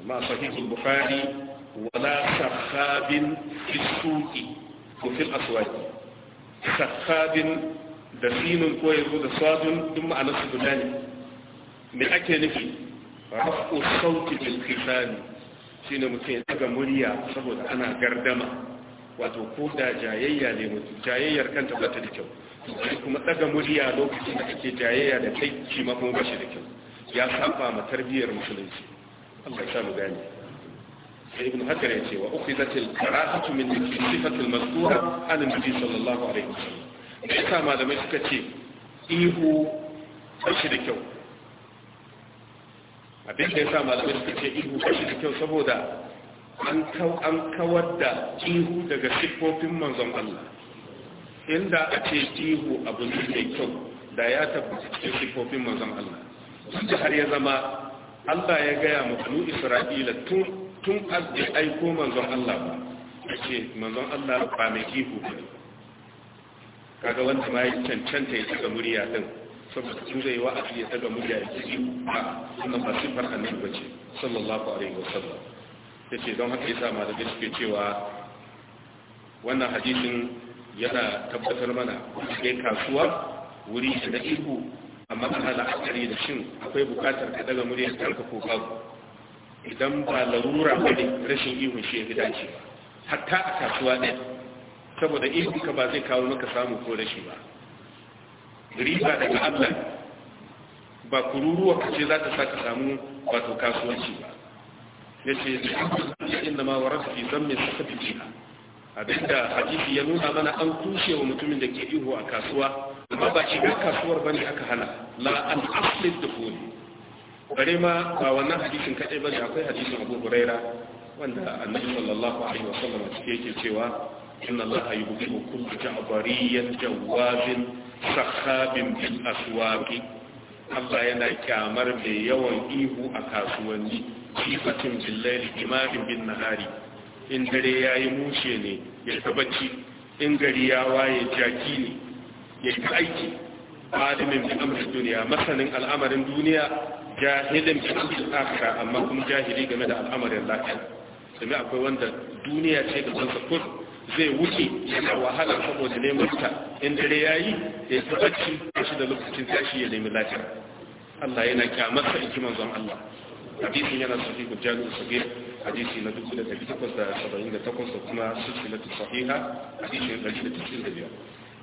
ما صحيح البخاري ولا سخاب في السوق وفي الأسواجي سخاب دسين كويس دصاد ثم أنصب ذلك من أكل نفي رفع الصوت في shi ne mutum ya daga murya saboda ana gardama wato ko da jayayya ne mutum jayayyar kanta ba ta da kyau sai kuma daga murya lokacin da ake jayayya da kai shi ma ba shi da kyau ya saba ma tarbiyyar musulunci Allah ya mu gani sai ibn hajar ya ce wa ukhizatil karahatu min sifatil mazkura an nabi sallallahu alaihi wasallam sai malamai suka ce ihu sai shi da kyau abin da ya sa malamai suka ce ihu kashi da kyau saboda an kawar da ihu daga siffofin manzon Allah inda a ce ihu abu ne mai kyau da ya tabbata cikin siffofin manzon Allah wanda har ya zama Allah ya gaya ma Isra'ila tun tun azzi aiko manzon Allah ba ce manzon Allah ba mai ihu ba kaga wanda ma ya cancanta ya saka murya din saboda in zai wa'azi ya daga murya ya ciki ba ah, wannan ba sifar annabi bace sallallahu alaihi wasallam yace don haka yasa malamai suke cewa wannan hadisin yana tabbatar mana Ya kai kasuwa wuri da iko amma ana la'akari da shin akwai bukatar ka daga murya ka ko babu idan ba larura bane rashin ihun shi ya fi dace hatta a kasuwa ɗin saboda ihun ka ba zai kawo maka samu ko rashi ba riba daga Allah ba kururuwa kace za ta saka samu wato kasuwanci ba yace inna ma warasa fi zammi abinda hadisi ya nuna mana an kushe wa mutumin da ke ihu a kasuwa amma ba ga kasuwar bane aka hana la an asli dukhul bare ma ba wannan hadisin kadai bane akwai hadisin Abu Huraira wanda Annabi sallallahu alaihi wasallam yake cewa إن الله يحب كل جعبري جواب سخاب بالأسواق Allah yana kyamar mai yawan ihu a kasuwanni sifatin billahi imamin bin nahari in dare yayi mushe ne ya tabbaci in gari ya waye jaki ne ya ta aiki alimin bi amrin duniya masanin al'amarin duniya jahilin bi amrin amma kuma jahili game da al'amarin lafiya sai akwai wanda duniya ce da zai wuce yana wahala saboda neman ta in dare ya yi da ya shi da lokacin tashi ya nemi lafiya Allah yana kyamarsa in kiman manzon Allah hadisi yana sahihu su ge hadisi na 1878 da kuma silsilatu sahiha hadisi na 195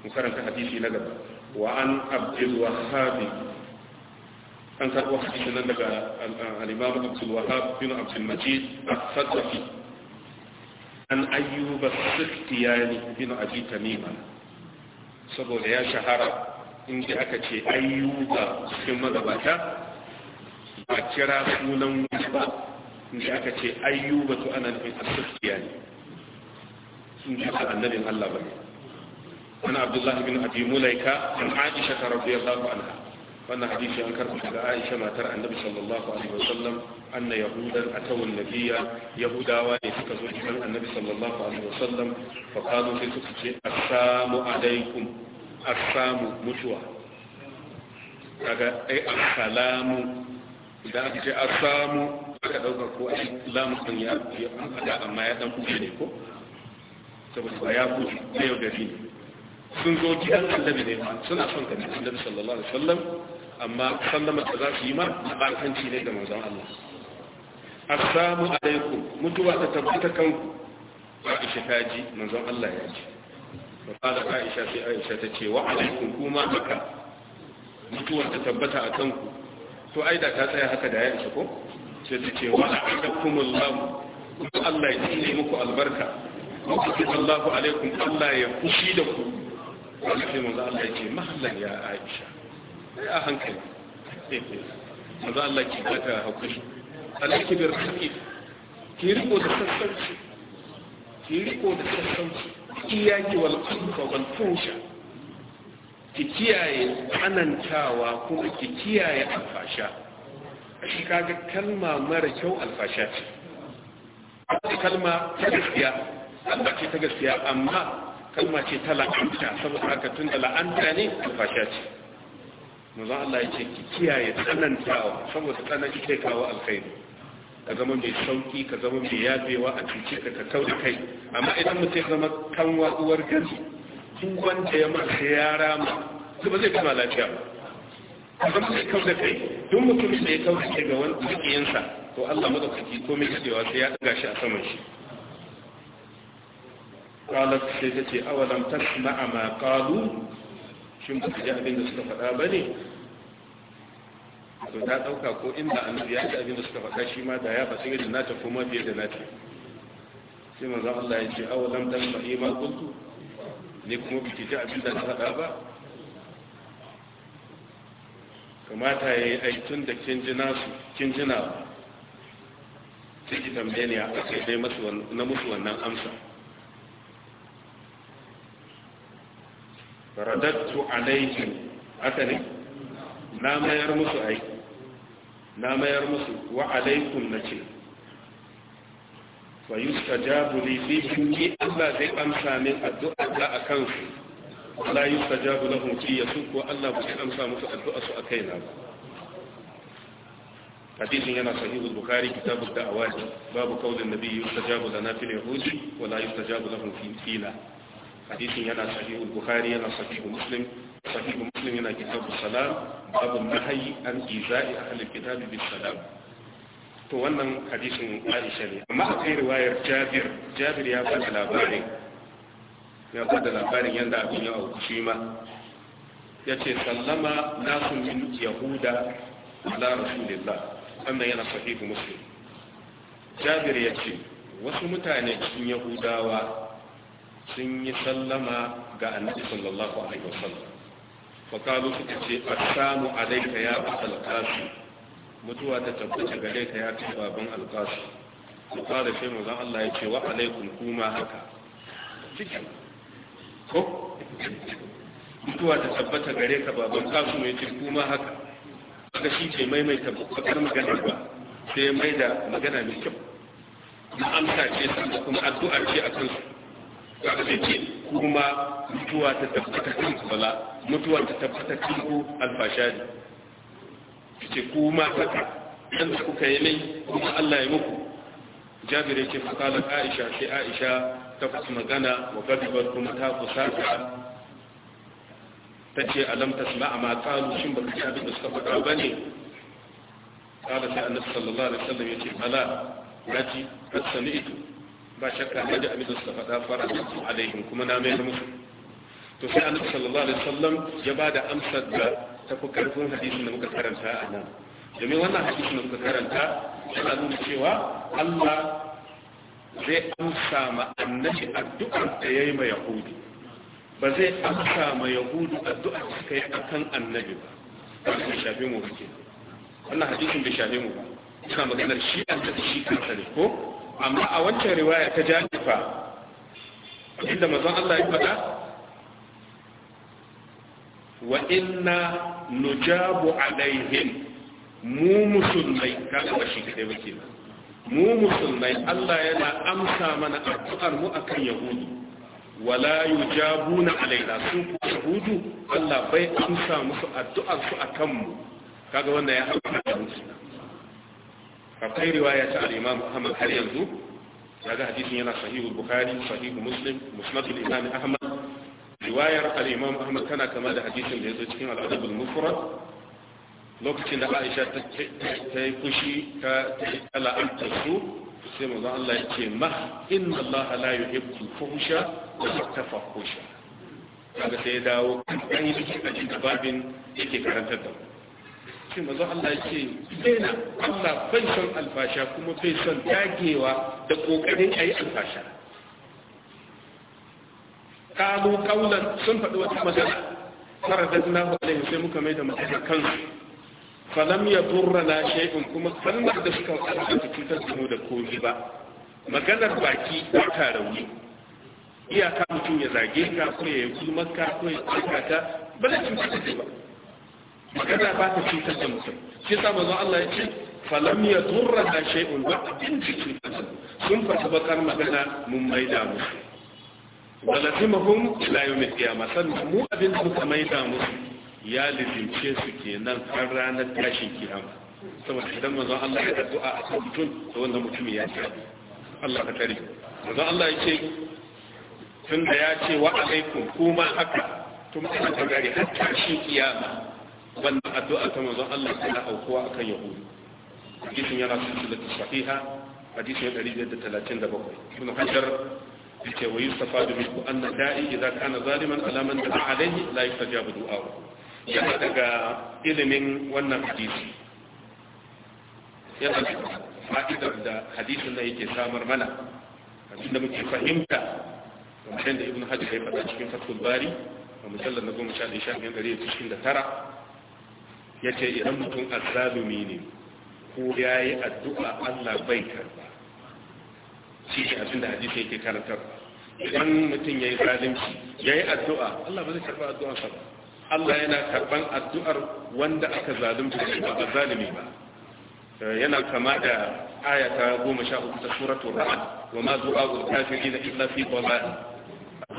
mu karanta hadisi na gaba wa an abdul wahabi an karɓo hadisin nan daga al-imam abdul wahhab bin abdul majid al-fatahi an ayyuba siftiyani bin abi tamima saboda ya shahara inda aka ce ayyuba cikin magabata ba kira sunan wani ba inda aka ce ayyuba su ana nufin asiftiyani sun ji su annabin Allah ba ne wani abdullahi bin abi mulaika an aisha ta rabu ya zafi Allah. wannan hadisi an karɓi daga Aisha matar Annabi sallallahu alaihi wasallam anna yahudan atawu nabiyya yahudawa ne suka zo cikin Annabi sallallahu alaihi wasallam fa kazo sai suka ce assalamu alaikum assalamu mutuwa kaga ai assalamu idan aka ce assalamu aka dauka ko ai lamu kan ya ya amma ya dan kuce ne ko saboda ya kuce yau da ne sun zo gidan annabi ne suna son ka bi annabi sallallahu alaihi wasallam amma sallama da za su yi mar barkanci ne da manzon Allah assalamu alaikum mutuwa ta tabbata kanku Aisha ta ji manzon Allah ya ji wa qala Aisha sai Aisha ta ce wa alaikum kuma haka mutuwa ta tabbata a kanku to ai da ta tsaya haka da ya isa ko sai ta ce wa alaikumullahu kuma Allah ya tsine muku albarka Allahu alaikum Allah ya kushi da ku wani sai manzo Allah yake mahallan ya Aisha sai a hankali <laughs> manzo Allah ki baka hakuri alaki bir rafi ki riko da sassauci ki riko da sassauci iyaki wal qadfa wal fusha ki kiyaye anantawa kuma ki kiyaye alfasha shi kaga kalma mara kyau alfasha ce kalma ta gaskiya Allah ce ta gaskiya amma kalma ce ta la'anta saboda haka tun da la'anta ne alfasha ce maza Allah ya ce ki kiyaye tsanantawa saboda tsananci kai kawo alkhairi ka zama mai sauki ka zama mai yabewa, a cuce ka ka kauda kai amma idan mu ya zama kanwa uwar gari, duk wanda ya masa ya rama su ba zai kama lafiya ba Ka zama mai kauda kai duk mutum da ya kauda kai ga wani jikinsa to Allah madaukaki mai cewa sai ya ɗaga shi a saman shi qalat sai ta ce awalam tasma'a ma qalu shin ba ji abin da suka faɗa ba ne to ta ɗauka ko inda annabi ya ji abin da suka faɗa shi ma da ya faɗi irin nata ko ma fiye da nata sai manzon Allah ya ce awalam tasma'i ma qultu ne kuma biki ji abin da faɗa ba kamata ya yi aitun da kin jina sai ki tambaye ne a kai dai na musu wannan amsa faradattu alaihim asali na mayar musu ai na mayar musu wa alaikum nace fa yustajabu li fihim ki Allah zai amsa min addu'a da akan su la yustajabu lahum ki yasuku Allah bai amsa musu addu'a su akai na hadisin yana sahihul bukhari kitabud da'awat babu qaulin nabi yustajabu lana fil yahudi wa la yustajabu lahum fi qila hadisin yana sahihu bukhari yana sahihu muslim sahihu muslim yana kitabu salam babu nahyi an izai ahli kitabi bis salam to wannan hadisin Aisha ne amma akwai riwayar Jabir Jabir ya bada labarin ya bada labarin yanda abin ya auku shi ma yace sallama nasu min yahuda ala rasulillah wannan yana sahihu muslim Jabir yace wasu mutane cikin Yahudawa sun yi sallama ga annabi sallallahu alaihi wasallam fakalu suka ce assalamu alayka ya abul qasim mutuwa ta tabbata gare ka ya kai baban alqasim su fara shi mu Allah ya ce wa alaikum kuma haka cikin ko mutuwa ta tabbata gare ka baban qasim ya ce kuma haka kaga shi ce maimaita bakar magana ba sai mai da magana mai kyau na amsa ce da kuma addu'a ce a kansu kaga kuma mutuwa ta tabbata kan ku mutuwa ta tabbata ku alfashari ce kuma haka da kuka yi mai kuma Allah ya muku jabir yake fakalar Aisha sai Aisha ta kusa magana wa gadibar kuma ta kusata ta ce alam tasma'a ma qalu shin baka ji da suka faɗa bane قال سيدنا النبي صلى الله ya ce, Bala بلى نجي قد ito. ba shakka ne da abin da suka faɗa fara'atu alaihim kuma na mai musu to sai annabi sallallahu alaihi wasallam ya ba da amsar da tafi karfin hadisin da muka karanta a nan domin wannan hadisin da muka karanta yana nuna cewa Allah zai amsa ma annabi addu'ar da yayi ma yahudi ba zai amsa ma yahudu addu'ar da suka yi akan annabi ba ba shafe mu ba wannan hadisin bai shafe mu ba ina maganar shi an da shi kansa ne ko amma a wancan riwaya ta janifa inda mazan Allah ya faɗa wa inna nujabu alaihim mu musulmai kaga ba shi kadai bake ba mu musulmai Allah yana amsa mana addu'ar mu akan yahudu wala na alaina su yahudu Allah bai amsa musu addu'ar su akan mu kaga wannan ya haɓaka da musulmai akwai riwaya ta al-imam Ahmad har yanzu daga hadisin yana sahihul bukhari sahihul muslim musnad al-imam Ahmad riwayar al-imam Ahmad tana kama da hadisin da yazo cikin al-adab al-mufrad lokacin da Aisha ta ta yi fushi ta la'anta su sai manzon Allah ya ce ma inna Allah la yuhibbu fuhsha wa tafahusha kaga sai ya dawo kan yi cikin babin yake karantar da mu shi mazo Allah ya ce daina Allah bai son alfasha kuma fai son dagewa da kokarin ayi alfasha kalu ƙaunar sun faɗi wata magana faradadnahu alaihi sai muka mai da magana kansu falam ya burra na shaifin kuma kalmar da suka fara da cutar da da kogi ba maganar baki ba ta rauni iyaka mutum ya zage ka ko ya yi ka ko ya tsaka ta ba da cin ba magana ba ta cutar da mutum shi sa manzo Allah ya ce falam ya turra da shay'un ba abin da cutar sun fata bakar magana mun maida musu wala timahum ila yawm al-qiyamah sannan mu abin da muka maida musu ya lizince su kenan har ranar tashin kiyama saboda idan manzo Allah ya addu'a a kan mutum to wannan mutum ya ce Allah ka tare manzo Allah ya ce tunda ya ce wa alaikum kuma haka tun ana tagari har tashin kiyama wannan addu'a ta manzon Allah tana aukuwa akan yahudu hadisin yana cikin sahiha hadisin 137 ibn hajar yace wa yustafadu minhu anna da'i idza kana zaliman ala man da'a alayhi la yustajabu du'a'u yana daga ilimin wannan hadisi yana fa'idar da hadisin da yake samar mana abin da muke fahimta kamar da ibn hajar ya faɗa cikin fathul bari a musallar na goma sha ɗaya sha biyar ɗari da tara ya ce idan mutum azzalumi ne ko ya yi addu'a Allah bai karba shi ke abin da hadisi yake karantar idan mutum ya yi zalimci ya yi addu'a Allah ba zai karba sa ba Allah yana karban addu'ar wanda aka zalimci shi ba zalimi ba yana kama da ayata goma sha uku ta suratul ra'd wa ma du'a'ul kafirin illa fi dhalal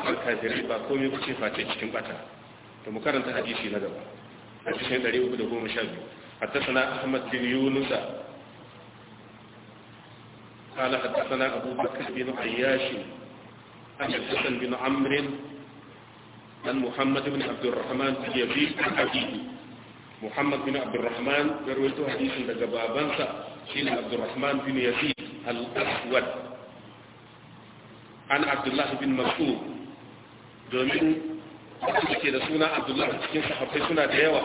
al-kafirin ba komai kuce face cikin bata to mu karanta hadisi na gaba حديث 312 حدثنا أحمد بن يونس قال حدثنا أبو بكر بن عياش عن الحسن بن عمرو عن محمد بن عبد الرحمن بن يزيد الحبيبي محمد بن عبد الرحمن يرويته حديث لدى بابنسا شين عبد الرحمن بن يزيد الأسود عن عبد الله بن مسعود دومين da ke da suna abdullahi cikin sahabbai suna da yawa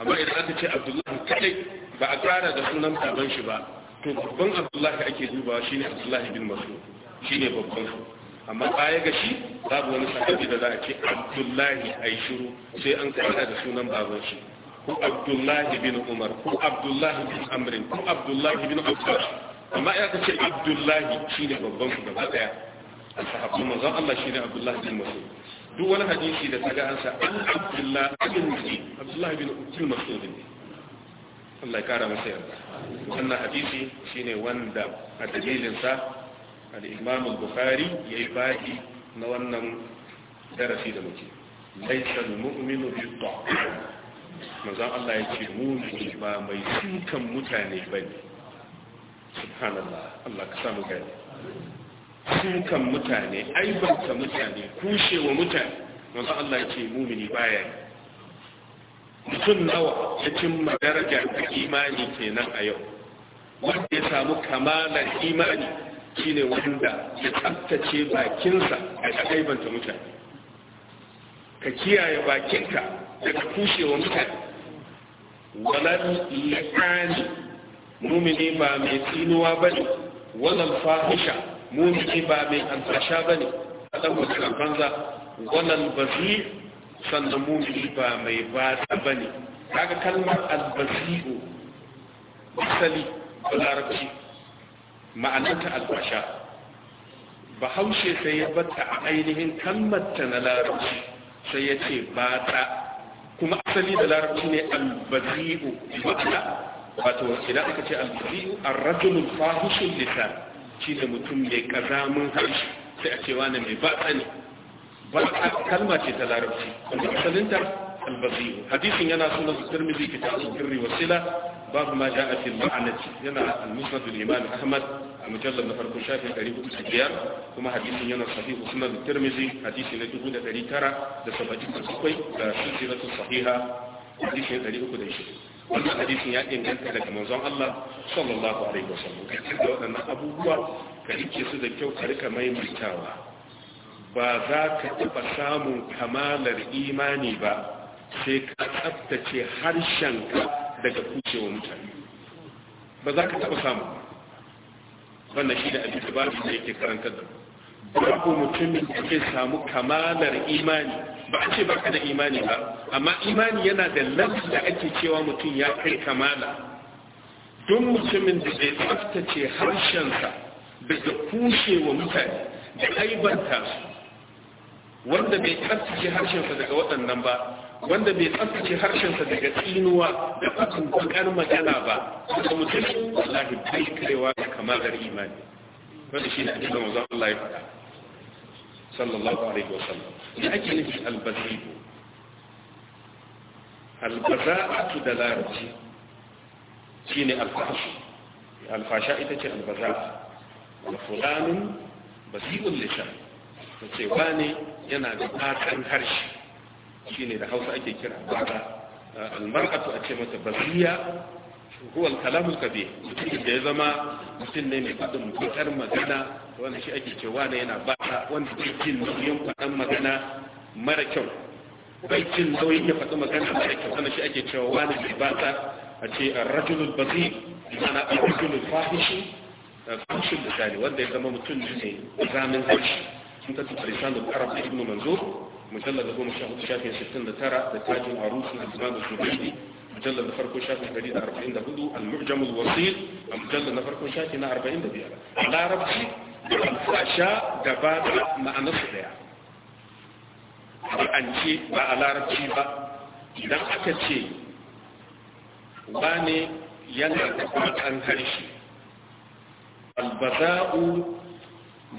amma idan aka ce abdullahi kadai ba a kara da sunan baban shi ba to babban abdullahi ake dubawa shine abdullahi bin mas'ud shine babban su amma baya ga shi babu wani sahabi da za a ce abdullahi ai shiru sai an kara da sunan baban shi ko abdullahi bin umar ko abdullahi bin amrin ko abdullahi bin abbas amma ya ka ce abdullahi shine babban su gaba daya sahabban manzon Allah shine abdullahi bin mas'ud duk wani hadisi da kaga an sa an abdullah ibn mas'ud abdullah ibn mas'ud ne Allah ya kara masa yarda wannan hadisi shine wanda a dalilin sa al-Imam al-Bukhari yayi baki na wannan darasi da muke laysa al-mu'minu bi-ta'a manzon Allah ya yake mu ba mai sukan mutane bane subhanallah Allah ka samu gani sunkan mutane aibanta mutane kushewa mutane wanzu Allah ya ce mumini baya mutum nawa cikin madaraja da imani kenan a yau wanda ya samu kamalar imani shine wanda ya tsabtace bakinsa a aibanta mutane ka kiyaye bakinka daga kushewa mutane walar li'ani mumini ba mai tsinuwa ne walar fahisha mumini ba mai alfasha ba ne a ɗan a banza wannan bazi sannan mumini ba mai batsa ba ne kaga kalmar albasi'u asali ba larabci ma'anarta alfasha bahaushe sai ya bata a ainihin kalmarta na larabci sai ya ce bata. kuma asali da larabci ne ba ta. wato idan aka ce albazi'u arrajulul fahishul lisan shi da mutum mai kazamin harshe sai a cewa na mai batsa ne batsa kalma ce ta larabci wanda asalinta albasiru hadisin yana suna su turmizi kita a sirri wasila babu ma ja a fil ma'anaci yana al-musnadul imam ahmad a mujallar na farko shafin 405 kuma hadisin yana sahihu sunan turmizi hadisi na 1977 da da da silsilatu sahiha hadisin 306 wannan hadisin ya inganta daga manzon Allah sallallahu alaihi wasallam ka ci da wannan abubuwa ka rike su da kyau ka rika mutawa. ba za ka taɓa samun kamalar imani ba sai ka tsabtace harshenka daga kucewa mutane ba za ka taɓa samu wannan shi da abin da yake karanta da babu mutumin da ke samu kamalar imani ba a ce ba ka da imani ba amma imani yana da lafi da ake cewa mutum ya kai kamala don mutumin da bai tsaftace harshensa daga kushewa mutane da aibanta su wanda bai tsaftace harshensa daga waɗannan ba wanda bai tsaftace harshensa daga tsinuwa da ɓakin bakar magana ba da mutum wallahi bai kaiwa da kamalar imani wanda shi ne a cikin Allah ya faɗa sallallahu alaihi wasallam ne ake nufi albazibu albaza'atu da larabci shine alfashu alfasha ita ce albaza'a wa fulanun basibul lisan to ce wani yana da fatan harshe shine da Hausa ake kira baza almar'atu a ce mata basiya huwa al kabe kabir mutum da ya zama mutum ne mai faɗin mutukar magana wanda shi ake cewa ne yana ba wanda bai jin nauyin faɗin magana mara kyau bai jin nauyin ya faɗi magana mara kyau wanda shi ake cewa wani mai ba ta a ce rajulul basir mana a rajulul fahishi fashin misali wanda ya zama mutum ne zamin harshe sun ta tuka lisanul arab ibn manzur mujallad 14 shafin 69 da tajin da ibn al-zubaydi mujallar na farko shafin 144 al-mu'jamul wasil a mujallar na farko shafi na 45 larabci da alfasha gaba da ma'anarsu daya ce ba a larabci ba idan aka ce wane yana da kwatan harshe albaza'u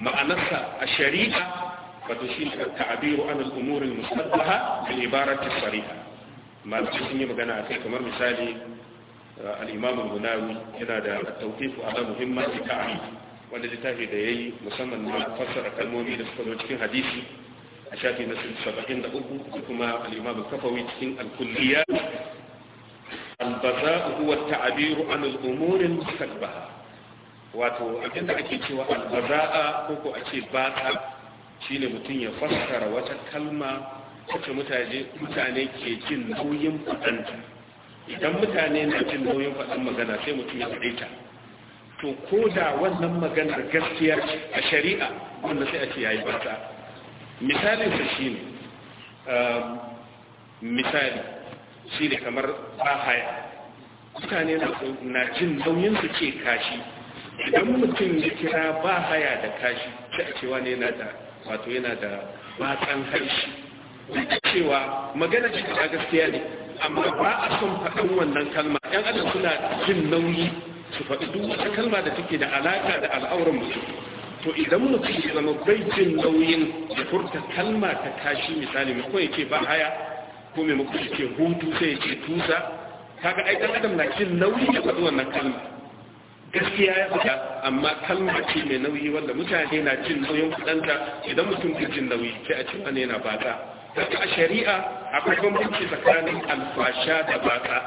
ma'anarsa a shari'a wato shi ne umurin an al'umurin musaddaha bil ibaratis malamai sun yi magana a kai kamar misali uh, al'imamu munawi yana da taukifu ala muhimmanci ta'ami wanda tafi da ya yi musamman na fassara kalmomi da suka cikin hadisi a shafi na saba'in da uku kuma al'imamu kafawi cikin alkulliya albaza huwa ta'abiru an al'umurin mustaqbaha wato abinda ake cewa albaza'a ko ko a ce bata shine mutum ya fassara wata kalma wacce mutane ke jin nauyin faɗanta idan mutane na jin nauyin faɗan magana sai mutum ya faɗi ta to ko da wannan maganar gaskiya a shari'a wanda sai a ce ya yi bata misalin sa shi ne um, misali shi ne kamar bahaya mutane na jin nauyin su ke kashi idan mutum ya kira bahaya da kashi sai a cewa ne na da wato yana da batsan harshe. cewa magana ce ta gaskiya ne amma ba a son faɗan wannan kalma yan adam suna jin nauyi su faɗi duk wata kalma da take da alaƙa da al'auran mutum to idan mutum ya zama bai jin nauyin ya furta kalma ta kashi misali mai kawai ce ba haya ko mai muku ce hutu sai ya ce tusa kaga ai ɗan adam na jin nauyi ya faɗi wannan kalma gaskiya ya faɗa amma kalma ce mai nauyi wanda mutane na jin nauyin kuɗanta idan mutum ke jin nauyi sai a ce wani yana bata daga a shari'a akwai bambanci tsakanin alfasha da baka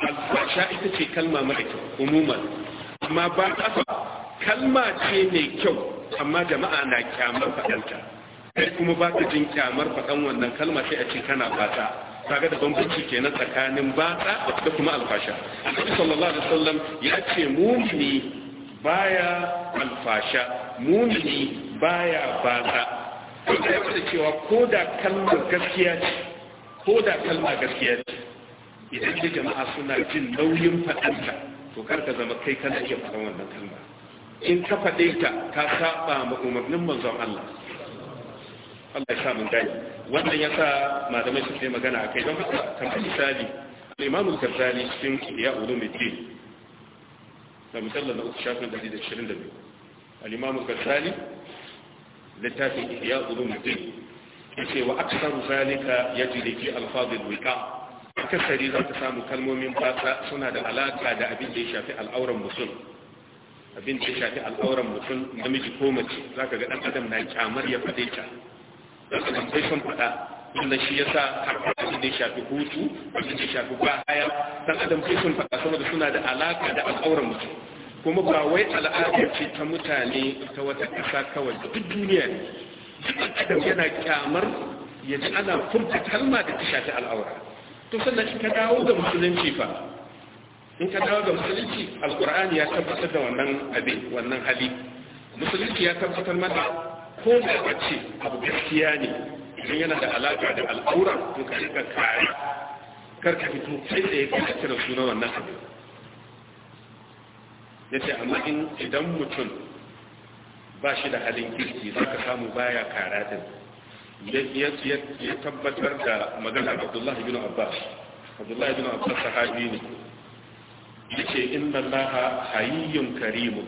alfasha ita ce kalma mai kyau umuman amma ba kalma ce mai kyau amma jama'a na kyamar fadanta kai kuma ba ka jin kyamar faɗan wannan kalma sai a ce kana bata kaga da bambanci kenan tsakanin bata da kuma alfasha annabi sallallahu alaihi wasallam ya ce mumini baya alfasha mumini baya bata wanda ya da cewa ko da kalmar gaskiya ce ko da kalma gaskiya ce idan da jama'a suna jin nauyin faɗanta to kar ka zama kai kana iya faɗin wannan kalma in ka faɗe ta ka saba ma umarnin manzon Allah Allah ya sa mun gani wannan ya sa malamai su ce magana a kai don haka kan misali imam al-Ghazali cikin Ihya Ulumuddin da mujallal na uku shafin 122 al-Imam al-Ghazali littafin ihya ulumuddin yace wa aktsaru zalika yajri fi alfazil wika akasari za ka samu kalmomin fasa suna da alaka da abin da ya shafi al'auran mutum abin da ya shafi al'auran mutum namiji ko mace zaka ga dan adam na kyamar ya fade ta zaka ga sai sun fada wanda shi yasa abin da ya shafi hutu abin da ya shafi baya. dan adam sai sun fada saboda suna da alaka da al'auran mutum kuma ba wai al'adar ce ta mutane ta wata ƙasa kawai duk duniya ne adam yana kyamar ya ji ana furta kalma da ta shafi al'aura to sannan in ka dawo ga musulunci fa in ka dawo ga musulunci alkur'ani ya tabbatar da wannan abin wannan hali musulunci ya tabbatar mata ko da bace abu gaskiya ne idan yana da alaƙa da al'aura to ka rika kare kar ka fito kai tsaye ya cire suna wannan abin ya ce amma idan mutum ba shi da halin kirki za ka samu baya karatin ya tabbatar da maganar abdullahi bin abbas abdullahi bin abbas sahabi ne ya ce inna laha hayiyyun karimu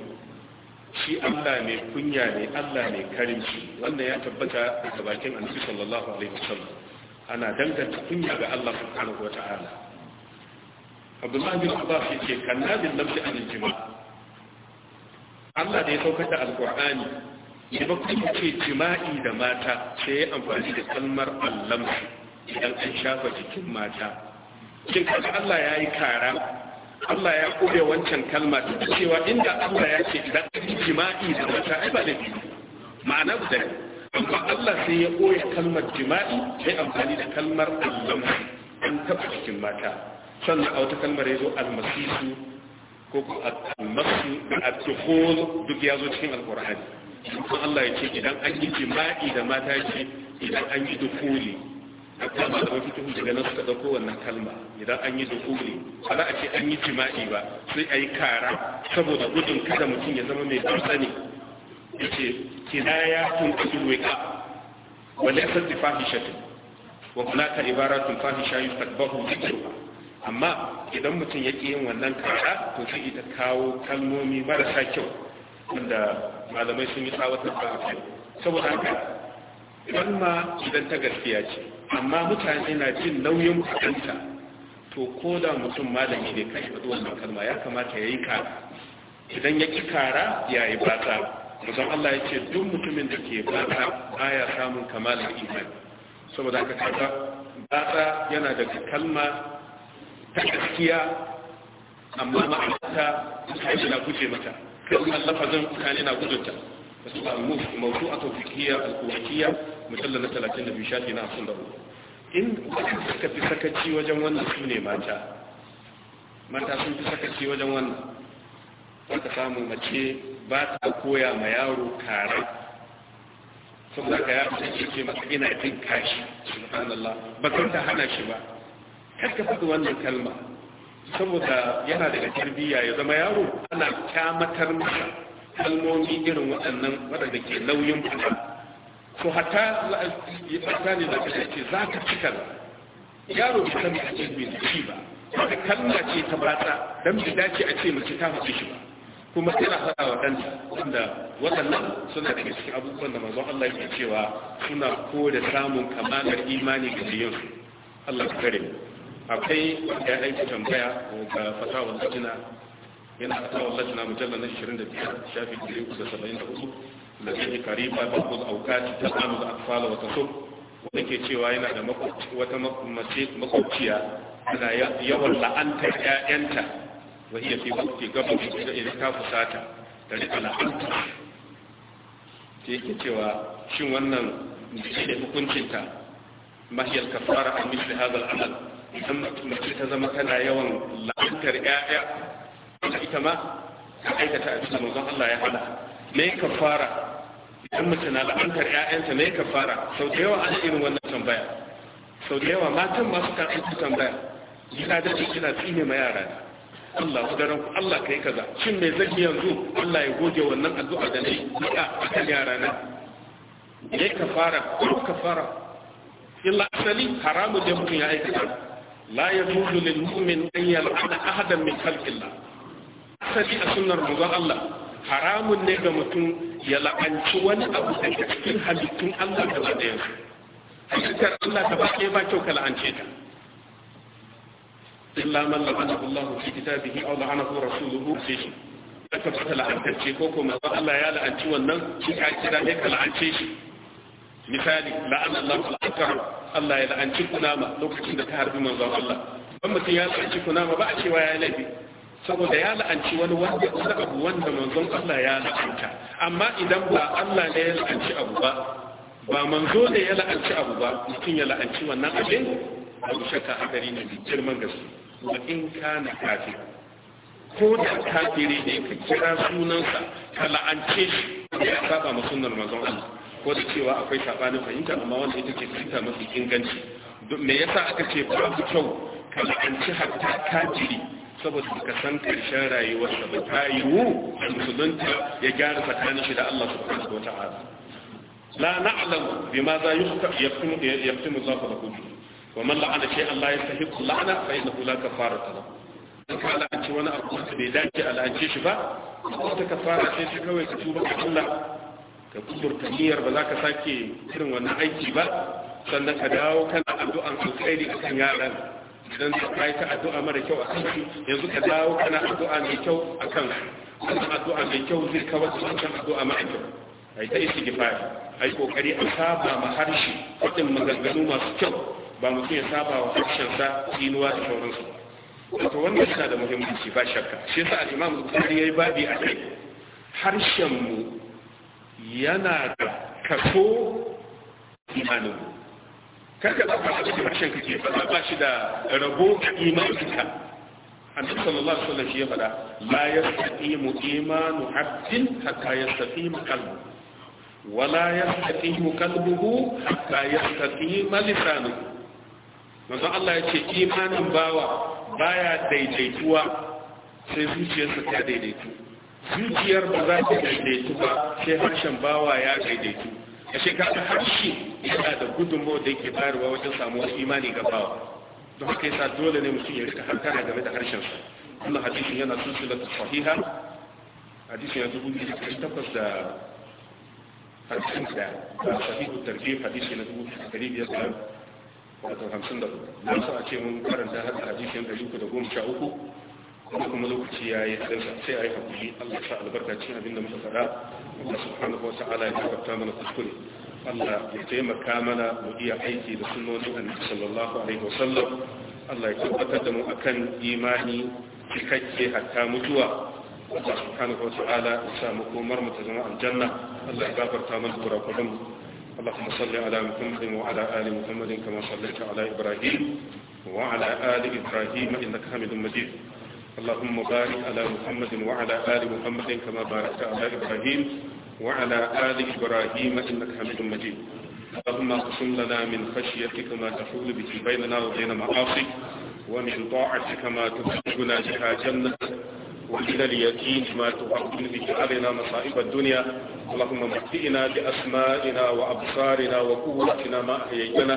shi allah mai kunya ne allah mai karimci wannan ya tabbata daga bakin annabi sallallahu alaihi wasallam ana danganta kunya ga allah subhanahu wa ta'ala abdullahi bin abbas ya ce kanna bin nafsi an jima'a Allah da ya saukar da alkur'ani ya ba kuma ce jima'i da mata sai ya amfani da kalmar allamsu idan an shafa jikin mata shin kaga Allah ya yi kara Allah ya kore wancan kalma ta cewa inda Allah ya ce idan an jima'i da mata ai ba da biyu ma'ana guda ne amma Allah sai ya koya kalmar jima'i sai amfani da kalmar allamsu an taɓa jikin mata sannan a wata kalmar ya zo almasisu ko ko masu nafsu al-tukhuz duk ya zo cikin alqur'ani kuma Allah ya ce idan an yi jima'i da mata ce idan an yi dukuli akwai ba da wata daga nan suka dauko wannan kalma idan an yi dukuli ba za a ce an yi jima'i ba sai a yi kara saboda gudun kada mutum ya zama mai barsani ya ce kinaya tun kudu wika wale sassi fahishatin wa kulata ibaratun fahisha yustaqbahu dhikruha amma idan mutum ya ƙi yin wannan kara to sai ita kawo kalmomi marasa kyau wanda malamai sun yi tsawatar ba a kai saboda haka kalma idan ta gaskiya ce amma mutane na jin nauyin kudinta to ko da mutum malami ne kai faɗi wannan kalma ya kamata ya yi kara idan ya ƙi kara ya yi bata musamman Allah ya ce duk mutumin da ke bata baya samun kamalin imani saboda haka kaga bata yana daga kalma ta gaskiya amma ma'anarta mutane na guje mata kuma lafazin mutane na gudunta wasu al-muf mawdu'atu fiqhiyya al-quwwiyya mujallal na 32 shafi na 54 in wanda suka fi sakaci wajen wannan sune mata mata sun fi sakaci wajen wannan wanda samu mace ba ta koya ma yaro kare saboda ka yaro sai ce masa ina jin kashi subhanallah ba ta hana shi ba karka faɗi wannan kalma saboda yana daga tarbiyya ya zama yaro ana kyamatar masa kalmomi irin waɗannan waɗanda ke nauyin fada to hatta hatta ne da kace ce za ka cika yaro bai san a ce mai ciki ba wata kalma ce ta batsa dan bai dace a ce mace ta faɗi shi ba kuma tana faɗa wa ɗanta wanda waɗannan suna daga cikin abubuwan da manzon Allah ke cewa suna ko da samun kamalar imani ga jiyansu Allah ka kare mu akwai ya aiki tambaya ga fasawar latina yana fasawar latina mujallar na 25 shafi 374 da zai kariba babu aukaci ta samu da akfala wata so wanda ke cewa yana da wata makwabciya ana yawan la'anta 'ya'yanta. wa iya fi wakti gabashin da idan ta fusata da rika la'anta ke yake cewa shin wannan da hukuncinta mahiyar kafara a misli hazal amal idan mace ta zama tana yawan lantar 'ya'ya, ta ita ma ta aikata a cikin manzon Allah ya hada me ka fara? idan mace na la'antar 'ya'yanta, me ka fara? sau da yawa an irin wannan tambaya sau da yawa matan masu kan aiki tambaya kina da kina tsine ma yara Allah ku daren ku Allah kai kaza shin me zaki yanzu Allah ya goge wannan addu'a da nayi a kan yara na me fara, ko ka fara? illa asali haramun da mutum ya aikata la yajuzu lil mu'min an yal'ana ahadan min khalqillah asali a sunnar manzon Allah haramun ne ga mutum ya la'anci wani abu da cikin halittun Allah gaba da yanzu halittar Allah ta ba ba kyau ka la'ance ta illa man la'anahu Allah fi kitabihi aw la'anahu rasuluhu fi shi ka ta la'antacce ko kuma Allah ya la'anci wannan shi ka kira ne ka la'ance shi misali la'ana Allah al-akram Allah ya la'anci kunama lokacin da ta harbi manzon Allah dan mutum ya la'anci kunama ba a cewa ya laifi saboda ya la'anci wani wanda wani abu wanda manzon Allah ya la'anta amma idan ba Allah ne ya la'anci abu ba ba manzo ne ya la'anci abu ba mutum ya la'anci wannan abin abu shakka a hadari ne bi girman gaske wa in kana kafir ko da kafiri ne ka kira sunansa ka la'ance shi ya saba ma sunnar manzon Allah ko cewa akwai sabanin fahimta amma wanda ita ke fahimta mafi inganci me yasa aka ce babu kyau ka la'anci hatta kafiri saboda ka san karshen rayuwarsa ba ta yiwu da musulunta ya gyara tsakanin shi da Allah subhanahu wa ta'ala la na'lamu bima za yaktumu yaktumu Allah fa kullu wa man la'ana shay'an la yastahiqu la'ana fa innahu la kafarata lahu in ka la'anci wani abu da bai dace a la'ance shi ba ko ta kafara sai shi kawai ka tuba ga Allah ka kudurta niyyar ba za ka sake irin wannan aiki ba sannan ka dawo kana addu'an alkhairi kan yaran idan ka kai ta addu'a mara kyau a su yanzu ka dawo kana addu'a mai kyau a kan wannan addu'a mai kyau zai kawar da wannan addu'a mara kyau ai ta istighfar ai kokari a saba ma harshe kudin maganganu masu kyau ba mutum ya saba wa harshen sa inuwa da sauransu wato wannan yana da muhimmanci ba shakka shi yasa al-imam Bukhari yayi babi a kai harshen mu yana da kaso imanin karka da ce ba rashin kake ba ba shi da rabo imanin ka annabi sallallahu alaihi wasallam shi ya fada la yastaqimu imanu abdin hatta yastaqima qalbu la yastaqimu qalbuhu hatta yastaqima lisanu manzo Allah ya ce imanin bawa baya daidaituwa sai zuciyarsa ta daidaitu zuciyar ba za ta daidaitu ba sai harshen bawa ya daidaitu a shekara harshe yana da gudunmawa da yake bayarwa wajen samuwar imani ga bawa don haka yasa dole ne mutum ya rika hankara game da harshen su wannan hadisin yana sulsulatu sahiha hadisin ya dubu biyu da takwas da hadisin da sahihu tarjih hadisi na dubu dari biyar da wato hamsin da hudu don sa a ce mun karanta hadisin da uku da goma sha uku kuma kuma lokaci ya yi daga sai a yi hakuri Allah sa albarka abin da muka faɗa Allah subhanahu wata'ala ya tabbata mana kuskure Allah ya taimaka mana mu iya aiki da sunnonin Annabi sallallahu alaihi wasallam Allah ya tabbatar da mu akan imani cikakke hatta mutuwa Allah subhanahu wata'ala ya sa mu komar mu ta zama aljanna Allah ya gafarta mana kurakuran اللهم صل على محمد وعلى آل محمد كما صليت على إبراهيم وعلى آل إبراهيم إنك حميد مجيد اللهم بارك على محمد وعلى آل محمد كما باركت على إبراهيم وعلى آل إبراهيم إنك حميد مجيد اللهم اقسم لنا من خشيتك ما تحول به بيننا وبين معاصيك ومن طاعتك ما تخرجنا بها جنتك وإلى اليقين ما تهون به علينا مصائب الدنيا اللهم مهدئنا بأسمائنا وأبصارنا وقوتنا ما أحييتنا